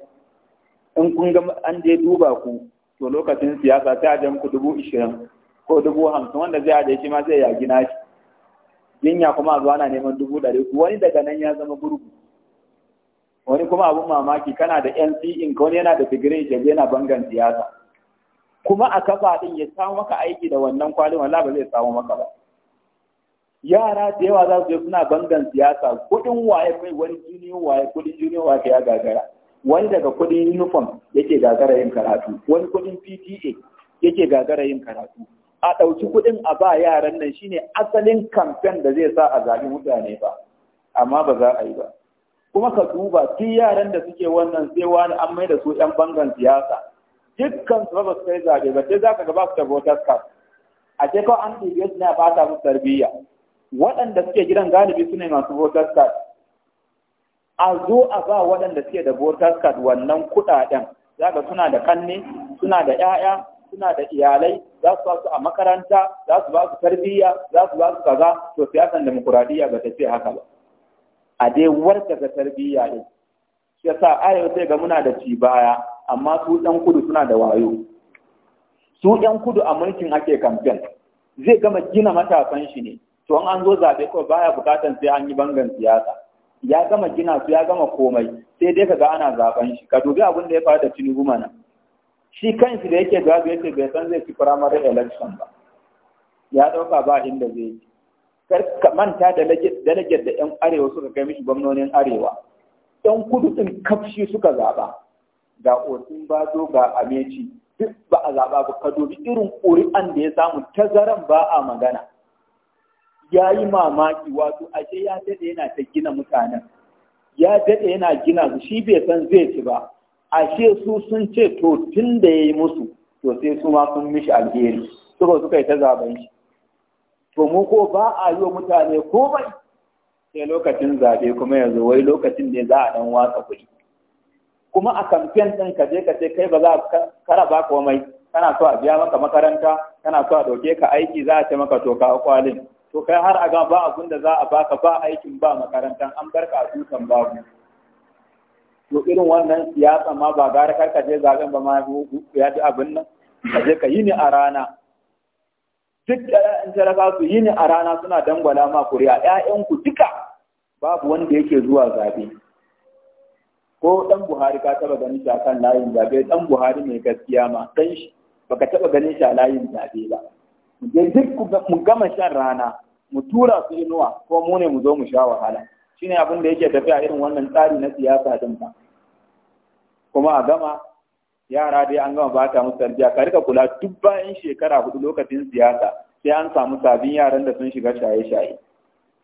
in kun ga an je duba ku to lokacin siyasa sai a je muku dubu ishirin ko dubu hamsin wanda zai aje shi ma zai yagi shi. jinya kuma zuwa na neman dubu ɗari wani daga nan ya zama gurgu wani kuma abun mamaki kana da nc e in wani yana da digirin shi yana bangan siyasa kuma a kafa din ya samu maka aiki da wannan kwalin wala ba zai samu maka ba yara da yawa za su je suna bangan siyasa kudin waye kai wani juniyo waye kudin juniyo waye ya gagara wani daga kuɗin uniform yake gagara yin karatu wani kuɗin PTA yake gagara yin karatu a ɗauki kuɗin a ba yaran nan shine asalin kamfen da zai sa a zaɓi mutane ba amma ba za a yi ba kuma ka duba tun yaran da suke wannan sai wani an mai da su yan bangan siyasa dukkan su ba su kai zaɓe ba sai za ka gaba su da voters card a ce kawai an ɗibe su ne a musu tarbiyya waɗanda suke gidan galibi su ne masu voters card a zo a ba waɗanda suke da voters card wannan kuɗaɗen za ga suna da kanne suna da 'ya'ya suna da iyalai za su ba a makaranta za su ba tarbiyya za su ba kaza to siyasan demokuraɗiyya ba ta ce haka ba a dai ga tarbiyya ne shi yasa ayo sai ga muna da ci baya amma su ɗan kudu suna da wayo su ɗan kudu a mulkin ake kamfen zai gama gina matasan shi ne to an zo zaɓe kawai baya bukatan sai an yi bangan siyasa ya gama gina su ya gama komai sai dai ka ga ana zaben shi ka dubi abin da ya faru da Tinubu mana shi kanshi da yake jawabi yake bai san zai ci primary election ba ya dauka ba inda zai yi kar ka manta da delegate da yan arewa suka kai mishi gwamnonin arewa yan kudu din kafshi suka zaba ga osin bazo ga ameci duk ba a zaba ba ka dubi irin ƙuri'an da ya samu tazaran ba a magana ya yi mamaki wato ashe ya daɗe yana ta gina mutanen ya daɗe yana gina su shi bai san zai ci ba ashe su sun ce to tun da ya yi musu to sai su ma sun mishi alheri suka suka yi ta zaben shi to mu ko ba a yi wa mutane komai sai lokacin zaɓe kuma yanzu wai lokacin ne za a ɗan watsa kuɗi kuma a kamfen ɗin ka je ka ce kai ba za a kara ba komai kana so a biya maka makaranta kana so a ɗauke ka aiki za a ce maka to ka kwalin to kai har a ga ba abin da za a baka ba aikin ba makarantan an barka a dukan babu to irin wannan siyasa ma ba gara kar ka je zaben ba ma ya ji abin nan ka je ka yi ni a rana duk ƴaƴan jaraka su yi ni a rana suna dangwala ma kuri'a ƴaƴanku duka babu wanda yake zuwa zabe ko dan Buhari ka taba ganin shi akan layin zabe dan Buhari mai gaskiya ma dan shi baka taba ganin shi a layin zabe ba je duk mu gama shan rana mu tura su inuwa ko mu ne mu zo mu sha wahala shine abin da yake tafiya irin wannan tsari na siyasa din ba kuma a gama yara dai an gama ba ta musu tarbiyya ka rika kula duk bayan shekara hudu lokacin siyasa sai an samu sabbin yaran da sun shiga shaye-shaye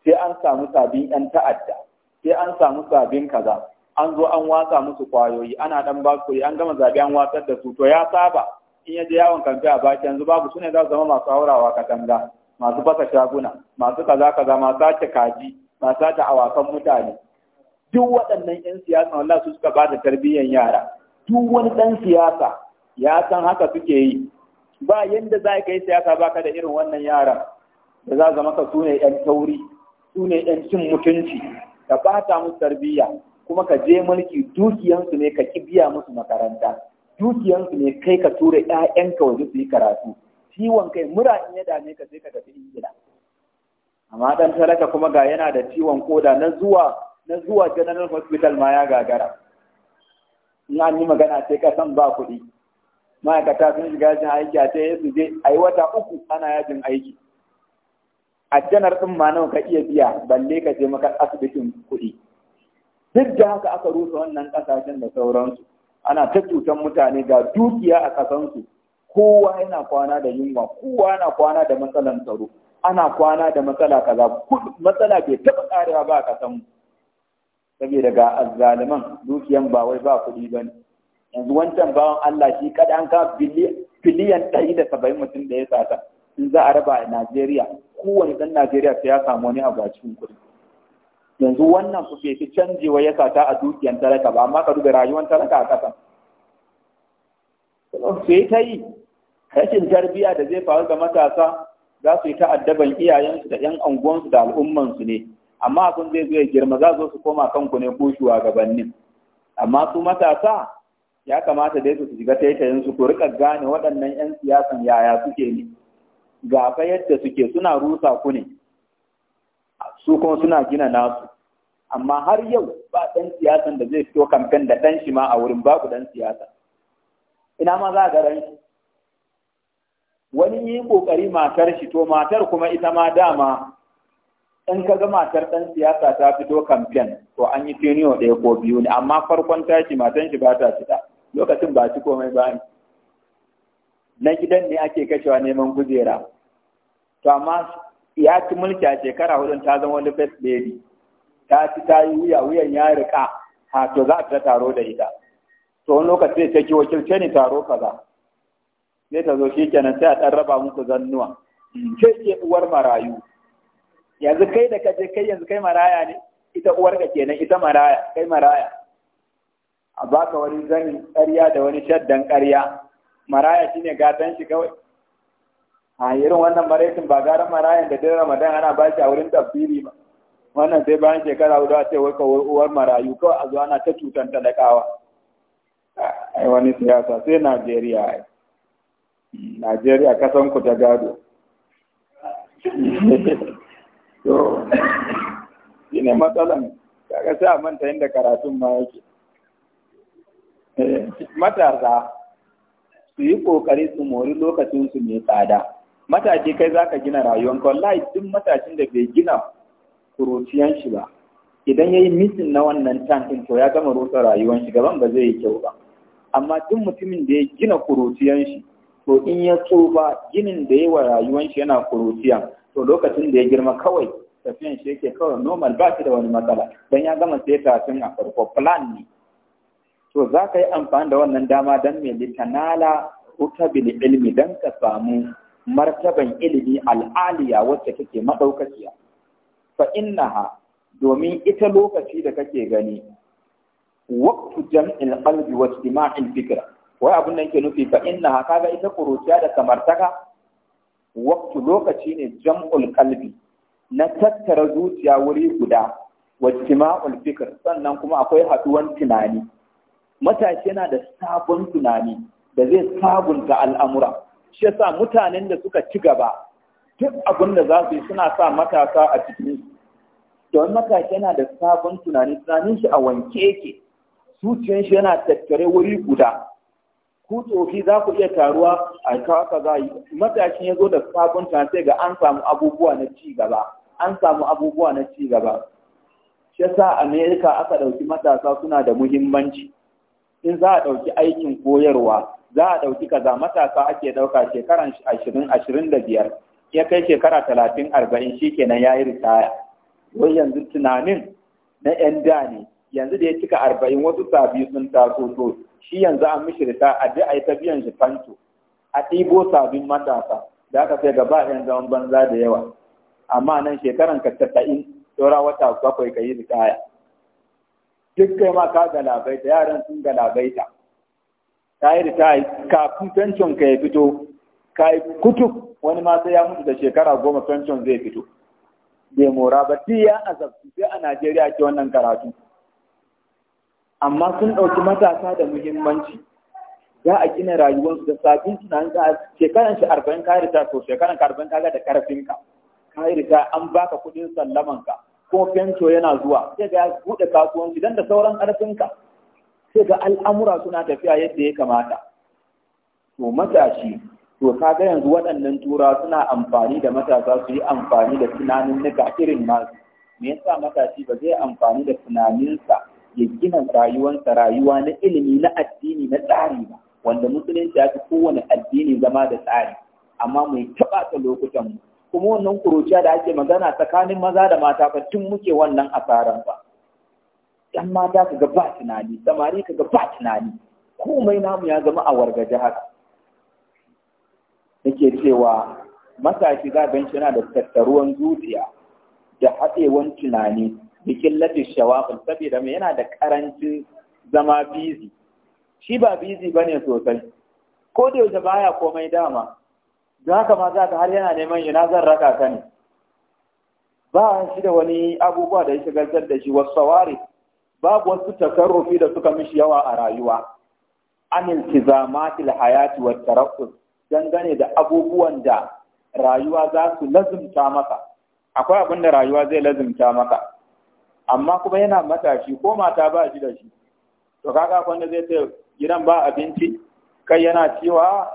sai an samu sabbin yan ta'adda sai an samu sabbin kaza an zo an watsa musu kwayoyi ana dan ba su an gama zaɓe an watsar da su to ya saba in ya je yawon kamfe a baki yanzu babu su ne za su zama masu haurawa katanga masu fasa shaguna masu kaza kaza masu sace kaji masu sace awakan mutane duk waɗannan 'yan siyasa wallahi su suka bada tarbiyyar yara duk wani ɗan siyasa ya san haka suke yi ba yanda za ka yi siyasa ba ka da irin wannan yaran da za zama ka su ne 'yan tauri su ne 'yan cin mutunci ka bata musu tarbiyya kuma ka je mulki dukiyansu ne ka biya musu makaranta dukiyansu ne kai ka tura 'ya'yanka waje su yi karatu ciwon kai mura in ya dame ka sai ka tafi ingila amma ɗan talaka kuma ga yana da ciwon koda na zuwa na zuwa general hospital ma ya gagara Ina magana sai ka san ba kuɗi ma'aikata sun shiga yajin aiki a ta yi su je a yi wata uku ana yajin aiki a janar ɗin ma nawa ka iya biya balle ka je maka asibitin kuɗi duk da haka aka rusa wannan ƙasashen da sauransu ana ta cutan mutane ga dukiya a kasansu kowa yana kwana da yunwa kowa yana kwana da matsalan tsaro ana kwana da matsala kaza matsala bai taɓa karewa ba a mu saboda ga azzaliman dukiyan ba wai ba kuɗi ba ne yanzu wancan bawan Allah shi kada an ka biliyan ɗari da saba'in mutum da ya sata in za a raba a Najeriya kowane ɗan Najeriya sai ya samu wani abu a cikin kuɗi yanzu wannan ku bai fi canjewa ya sata a dukiyan talaka ba amma ka duba rayuwar talaka a kasan sai ta yi rashin tarbiyya da zai faru ga matasa za su yi ta'addaban iyayensu da 'yan anguwansu da al'ummansu ne amma abin zai zo ya girma za zo su koma kanku ne ko gabanin, amma su matasa ya kamata dai su shiga taitayin su ku rika gane waɗannan 'yan siyasan yaya suke ne ga fa yadda suke suna rusa ku ne su kuma suna gina nasu amma har yau ba ɗan siyasan da zai fito kamfen da ɗan shi ma a wurin babu ɗan siyasa ina ma za ga wani yi ƙoƙari matar shi to matar kuma ita ma dama in ka ga matar ɗan siyasa ta fito kamfen to an yi tuniyo ɗaya ko biyu ne amma farkon tashi matan shi ba ta fita lokacin ba ci komai ba na gidan ne ake kashewa neman kujera to amma ya ci mulki a shekara hudun ta zama wani first lady ta ci ta yi wuya wuyan ya rika ha to za a fita taro da ita to wani lokaci sai ki wakilce ni taro kaza sai ta zo shi kenan sai a dan raba muku zannuwa ke ke uwar marayu yanzu kai da kaje kai yanzu kai maraya ne ita uwar ka kenan ita maraya kai maraya a baka wani zanin ƙarya da wani shaddan ƙarya maraya shine gatan shi kawai a irin wannan maraicin ba gara mara da dare ramadan ana ba shi a wurin tafiri ba wannan sai bayan shekara hudu a ce wai kawai uwar marayu kawai a zuwa ana ta cutan talakawa ai wani siyasa sai najeriya ai najeriya kasan ku ta gado to shi ne matsalan kaga sai a manta inda karatun ma yake eh, matasa su yi kokari su mori lokacinsu mai tsada matashi kai za ka gina rayuwan wallahi duk matashin da bai gina kuruciyan shi ba idan ya yi mitin na wannan tankin to ya gama rusa rayuwan shi gaban ba zai yi kyau ba amma duk mutumin da ya gina kuruciyan shi to in ya tsufa ginin da ya wa rayuwan shi yana kuruciya to lokacin da ya girma kawai tafiyan shi yake kawai normal ba shi da wani matsala dan ya gama ta tun a farko plan ne to za ka yi amfani da wannan dama don mai litanala utabil ilmi don ka samu martaban ilimi al'aliya wacce take madaukakiya fa innaha domin ita lokaci da kake gani waqtu jam'il qalbi wa istima'il fikra wai abun nan ke nufi fa innaha kaga ita kuruciya da samartaka waqtu lokaci ne jam'ul qalbi na tattara zuciya wuri guda wa istima'ul fikir. sannan kuma akwai haɗuwan tunani matashi yana da sabon tunani da zai sabunta al'amura shi yasa mutanen da suka ci gaba duk abin da za su yi suna sa matasa a cikin su don matashi yana da sabon tunani tunanin shi a wanke yake zuciyar shi yana tattare wuri guda ku tsofi za ku iya taruwa a kawaka za yi matashin ya zo da sabon tunani sai ga an samu abubuwa na ci gaba an samu abubuwa na ci gaba shi Amerika aka ɗauki matasa suna da muhimmanci in za a ɗauki aikin koyarwa za a ɗauki kaza matasa ake ɗauka shekaran ashirin ashirin da biyar ya kai shekara talatin arba'in shi kenan ya yi ritaya wai yanzu tunanin na 'yan da ne yanzu da ya cika arba'in wasu sabi sun taso to shi yanzu an mishi rita a je a yi ta biyan shi fanto a ɗibo sabin matasa da aka sai gaba ɗayan zaman banza da yawa amma nan shekaran ka tasa'in saura wata bakwai ka yi ritaya duk kai ma ka galabaita yaran sun galabaita ta yi kafin pension ka ya fito ka yi kutub wani ma sai ya mutu da shekara goma pension zai fito bai mora ya azabci sai a Najeriya ke wannan karatu amma sun ɗauki matasa da muhimmanci za a gina rayuwarsu da sabbin tunanin za shekaran shi arba'in ka rita ko shekaran ka arba'in ka da karfinka ka rita an baka kuɗin sallamanka ko fento yana zuwa sai ga ya buɗe kasuwanci dan da sauran karfinka sai ga al'amura suna tafiya yadda ya kamata to matashi to ga yanzu waɗannan tura suna amfani da matasa su yi amfani da tunanin nika irin masu. me yasa matashi ba zai amfani da tunaninsa ya gina rayuwarsa rayuwa na ilimi na addini na tsari ba wanda musulunci ya fi kowane addini zama da tsari amma mai taɓa ta lokutan mu kuma wannan kuruciya da ake magana tsakanin maza da mata ba tun muke wannan asaran ba yan mata ka ga ba tunani samari ka ga ba tunani komai namu ya zama a wargaje haka nake cewa matashi za gan shi yana da tattaruwan zuciya da haɗewan tunani bikin killatin shawafin saboda mai yana da ƙarancin zama bizi shi ba bizi ba ne sosai ko da yaushe baya komai dama don haka ma za ka har yana neman yana zan raka ka ne ba shi da wani abubuwa da ya shigar da shi wasu sawari babu wasu tasarrufi da suka mishi yawa a rayuwa an iltizamatil hayati wa tarakkuz dangane da abubuwan da rayuwa za su lazumta maka akwai abin da rayuwa zai lazumta maka amma kuma yana matashi ko mata ba shi da shi to kaga wanda zai ce gidan ba abinci kai yana cewa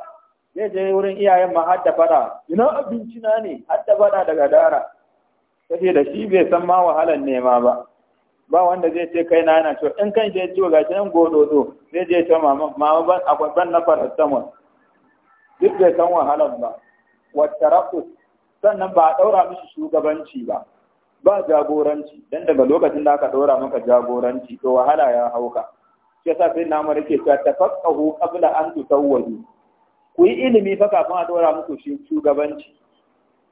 zai je wurin iyayen ma har da faɗa. ina abinci na ne har da daga dara sai da shi bai san ma wahalan nema ba ba wanda zai ce kai na yana ciwo in kan shi ciwo ga shi nan gododo zai je ce mama mama ban akwai ban na paracetamol duk bai san wahalar ba wata rakus sannan ba a ɗaura mishi shugabanci ba ba jagoranci dan daga lokacin da aka ɗaura maka jagoranci to wahala ya hauka shi yasa sai na mara Ta cewa tafaqahu qabla an tusawwadu ku yi ilimi fa kafin a ɗaura muku shugabanci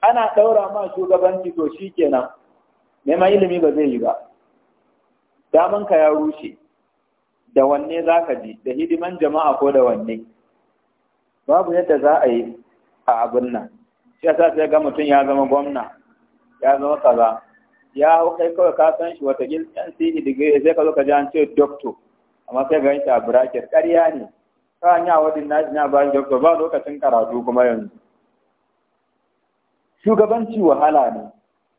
ana ɗaura ma shugabanci to shikenan neman ilimi ba zai yi ba damanka ya rushe da wanne za ka ji da hidiman jama'a ko da wanne babu yadda za a yi a abin nan shi sa sai ga mutum ya zama gwamna ya zama kaza ya hau kai kawai ka san shi wata gil yan sihi e digiri sai ka zo ka ji an ce doctor amma sai ga shi a bracket ƙarya ne ka an yi a wadin nashi na bayan doctor ba lokacin karatu kuma yanzu shugabanci wahala ne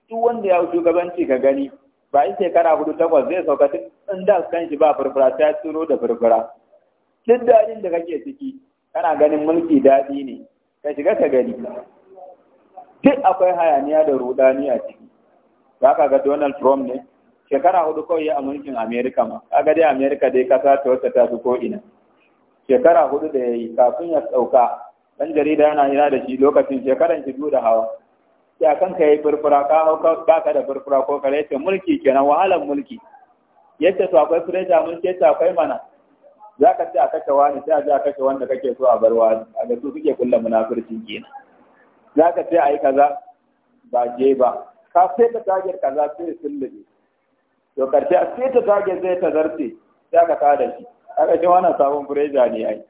duk wanda ya shugabanci ka gani ba yi shekara hudu takwas zai sauka in da kan shi ba furfura ta tsiro da furfura duk daɗin da kake ciki kana ganin mulki daɗi ne ka shiga ka gani duk akwai hayaniya da rudani a ciki za ka ga donald trump ne shekara hudu kawai ya a mulkin america ma kaga dai america dai kasa ta wacce ta fi ko ina shekara hudu da ya yi kafin ya sauka ɗan jarida yana yana da shi lokacin shekaran shi biyu da hawa ya kan ka yi furfura ka hau ka da furfura ko kare ce mulki kenan wahalar mulki yadda to akwai fureja mulki yadda akwai mana za ka ce a kashe wani sai a ji a kashe wanda kake so a bar wani a ga su suke kulle munafurcin kenan za ka ce a yi kaza ba je ba ka sai ta tagar kaza sai sun lubi to karshe a sai ta tagar zai ta zarce sai aka da shi aka ce wannan sabon fureja ne ya yi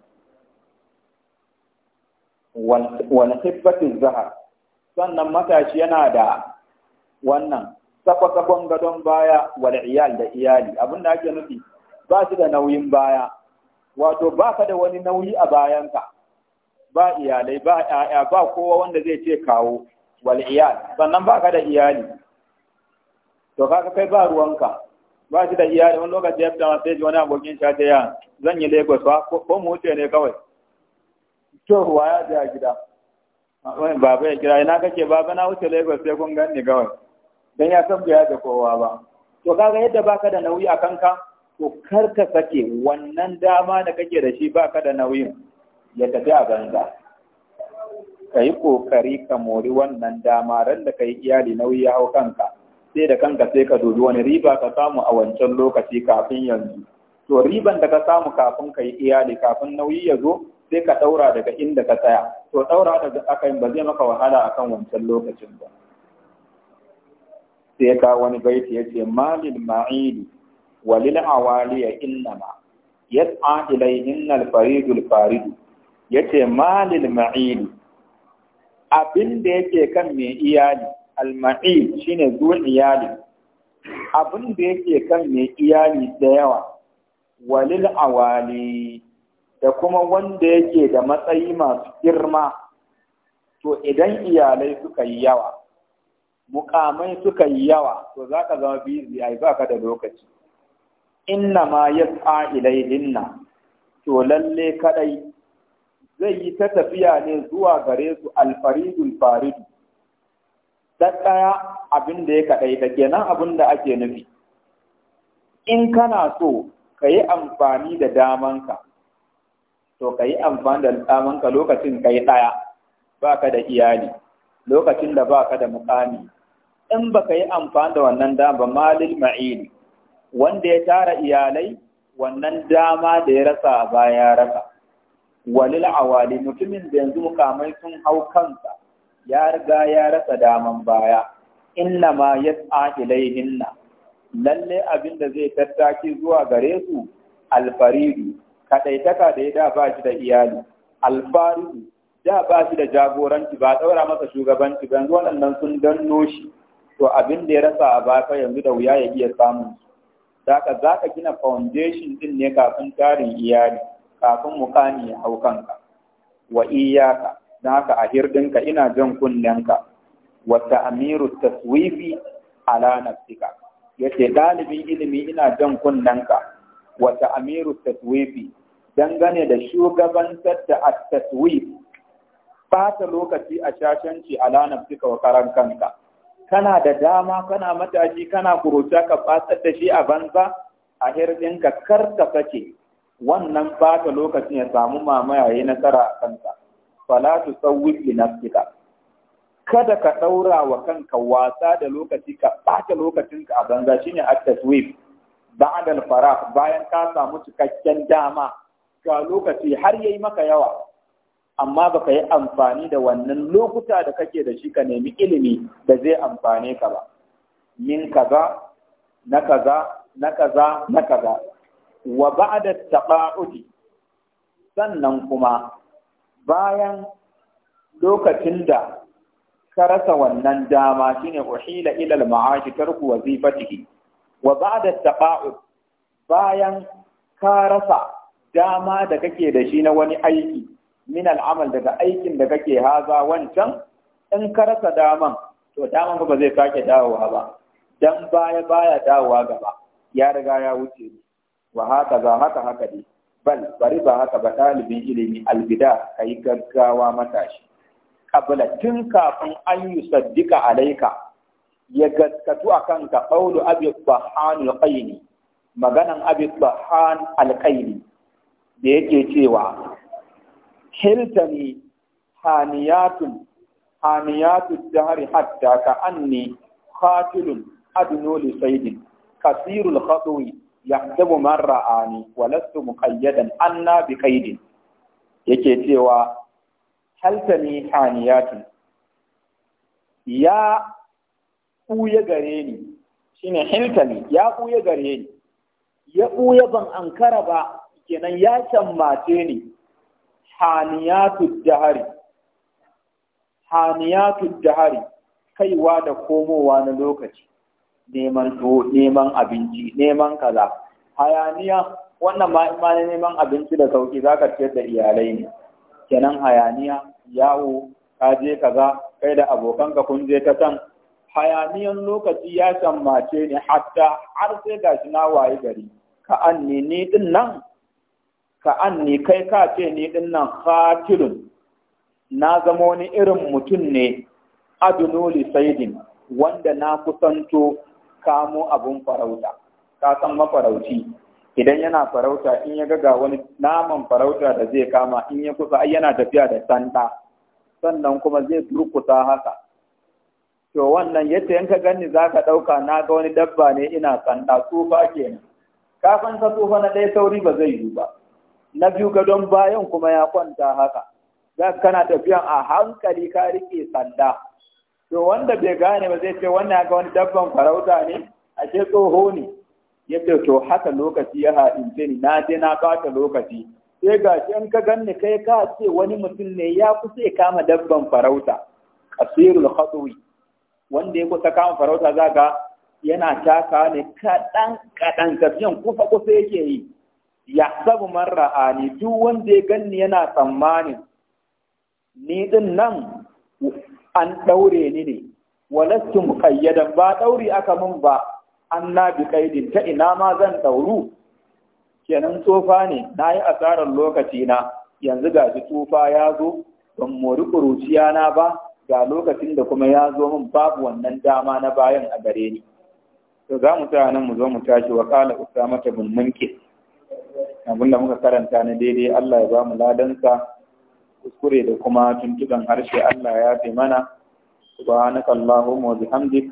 wani siffatin zahar sannan matashi yana da wannan sakwasakon gadon baya wal iyal da iyali abin da ake nufi ba su da nauyin baya wato ba ka da wani nauyi a bayanka ba iyalai ba ‘ya'ya ba kowa wanda zai ce kawo wal iyal sannan ba ka da iyali to ka kai ba ruwanka ba shi da iyali wani lokaci ya fita masu yaji wani abokin shi ta zan yi lagos ba ko mu wuce ne kawai to ruwa ya je a gida baba ya kira ina kake baba na wuce Lagos sai kun ganni gawar? dan ya san ya da kowa ba to kaga yadda baka da nauyi a kanka to kar ka sake wannan dama da kake da shi baka da nauyin ya tafi a banza ka yi kokari ka mori wannan dama ran da ka yi iyali nauyi ya hau kanka sai da kanka sai ka dubi wani riba ka samu a wancan lokaci kafin yanzu to riban da ka samu kafin ka yi iyali kafin nauyi ya zo sai ka ɗaura daga inda ka tsaya to ɗaura daga akan ba zai maka wahala akan wancan lokacin ba sai ka wani baiti yace ce malil ma'idi walil awaliya innama yas'a ilayhin al-faridul faridu yace malil ma'idi abin da yake kan mai iyali al maid shine zuwan iyali abin da yake kan mai iyali da yawa walil awali da kuma wanda yake da matsayi masu girma to idan iyalai suka yi yawa mukamai suka yi yawa to za ka zama bizi yi ba ka da lokaci inna ma ilai dinna to lalle kadai zai yi ta tafiya ne zuwa gare su alfaridul faridu ta ɗaya abin da ya kaɗai da kenan abin da ake nufi in kana so ka yi amfani da damanka to ka yi amfani da ka lokacin ka yi ɗaya ba ka da iyali lokacin da ba ka da mukami in ba ka yi amfani da wannan dama malil ma'ili wanda ya tara iyalai wannan dama da ya rasa a baya rasa walil awali mutumin da yanzu mukamai sun hau kansa ya riga ya rasa daman baya inna ma ya yas'a ilaihinna lalle abin da zai tattaki zuwa gare su alfaridu Kaɗaitaka da ya da ba shi da iyali Alfaruhu. da ba shi da jagoranci ba daura masa shugabanci ba yanzu waɗannan sun danno shi to abin da ya rasa a baka yanzu da wuya ya iya samun su zaka zaka gina foundation din ne kafin tarin iyali kafin mukami ya hau kanka wa iyaka don haka a hirdinka ina jan kunnenka wa ta'miru taswifi ala nafsika yace dalibin ilimi ina jan kunnenka wa ta'miru taswifi dangane da shugabantar da at-taswif bata lokaci a shashanci lanar suka wa karan kanka kana da dama kana matashi kana kuruta ka fatsar da shi a banza a hirɗinka kar ka sake wannan bata lokacin ya samu mamaya yayi nasara a kanka fala wiki na kada ka ɗaura wa kanka wasa da lokaci ka ɓata lokacinka a banza shine at-taswif ba'da fara bayan ka samu cikakken dama Ka lokaci har yayi maka yawa amma baka yi amfani da wannan lokuta da kake da shi ka nemi ilimi da zai amfane ka ba min kaza na kaza na kaza na kaza wa ba'da taba'udi sannan kuma bayan lokacin da ka rasa wannan dama shine uhila ila al-ma'ashi tarku wazifatihi wa ba'da taba'ud bayan ka rasa dama da kake da shi na wani aiki min al'amal daga aikin da kake haza wancan in ka rasa daman to daman ba zai sake dawowa ba dan baya baya dawowa gaba ya riga ya wuce wa haka za haka haka dai bal bari ba haka ba ɗalibin ilimi albida ka gaggawa matashi kabla tun kafin an yi saddika alaika ya gaskatu a kanka ƙaulu abi bahan ƙaini maganan abi bahan alƙaini da yake cewa hiltani haniyatun haniyatun dahri hatta ka anni qatilun adnu li saydin kasirul khatwi yahdabu man ra'ani wa lastu an na bi kaidin yake cewa haltani haniyatun ya ɓuya gare ni ne hiltani ya ɓuya gare ni ya ɓuya ban ankara ba kenan ya mace ni haniyatu dahari da dahari kaiwa da komowa na lokaci neman tuwo neman abinci neman kaza hayaniya wannan ma imanin neman abinci da sauki zaka ciyar da iyalai ne kenan hayaniya yawo ka je kaza kai da abokanka kun je ta san. hayaniyan lokaci ya mace ne, hatta har sai gashi na waye gari ka annini ni din nan ka an ni kai ka ce ni din nan khatirun na zama wani irin mutum ne adunu saidin wanda na kusanto kamo abun farauta ka san mafarauci idan yana farauta in ya gaga wani naman farauta da zai kama in ya kusa ai yana tafiya da sanda sannan kuma zai durkusa haka to wannan in yanka ganni zaka dauka na ga wani dabba ne ina sanda tsufa kenan kafin ka tsufa na ɗaya sauri ba zai yi ba na biyu gadon bayan kuma ya kwanta haka za kana tafiyan a hankali ka rike sanda to wanda bai gane ba zai ce wannan ga wani dabban farauta ne a ce tsoho ne ya ce to haka lokaci ya haɗince ni na je na ɓata lokaci sai ga shi in ka ganni kai ka ce wani mutum ne ya kusa ya kama dabban farauta asirul khadwi wanda ya kusa kama farauta za yana taka ne kaɗan kaɗan tafiyan kusa kusa yake yi Ya marra man ra'ani duk wanda ya ganni yana tsammanin ni din nan an ɗaure ni ne walastu kayyadan. ba ɗauri aka mun ba an na bi ƙaidin ta ina ma zan ɗauru kenan tsofa ne na nayi asarar lokaci na yanzu ga shi tsufa ya zo ban mori ƙuruciya na ba ga lokacin da kuma ya zo min babu wannan dama na bayan a gare ni to za mu tsaya nan mu zo mu tashi wa qala usama bin munkir abinda muka karanta na daidai Allah ya ba mu ladansa kuskure da kuma tuntukan harshe Allah ya fi mana na allahumma wa bihamdik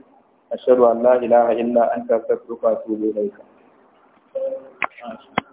ashhadu an la ilaha illa anta astaghfiruka wa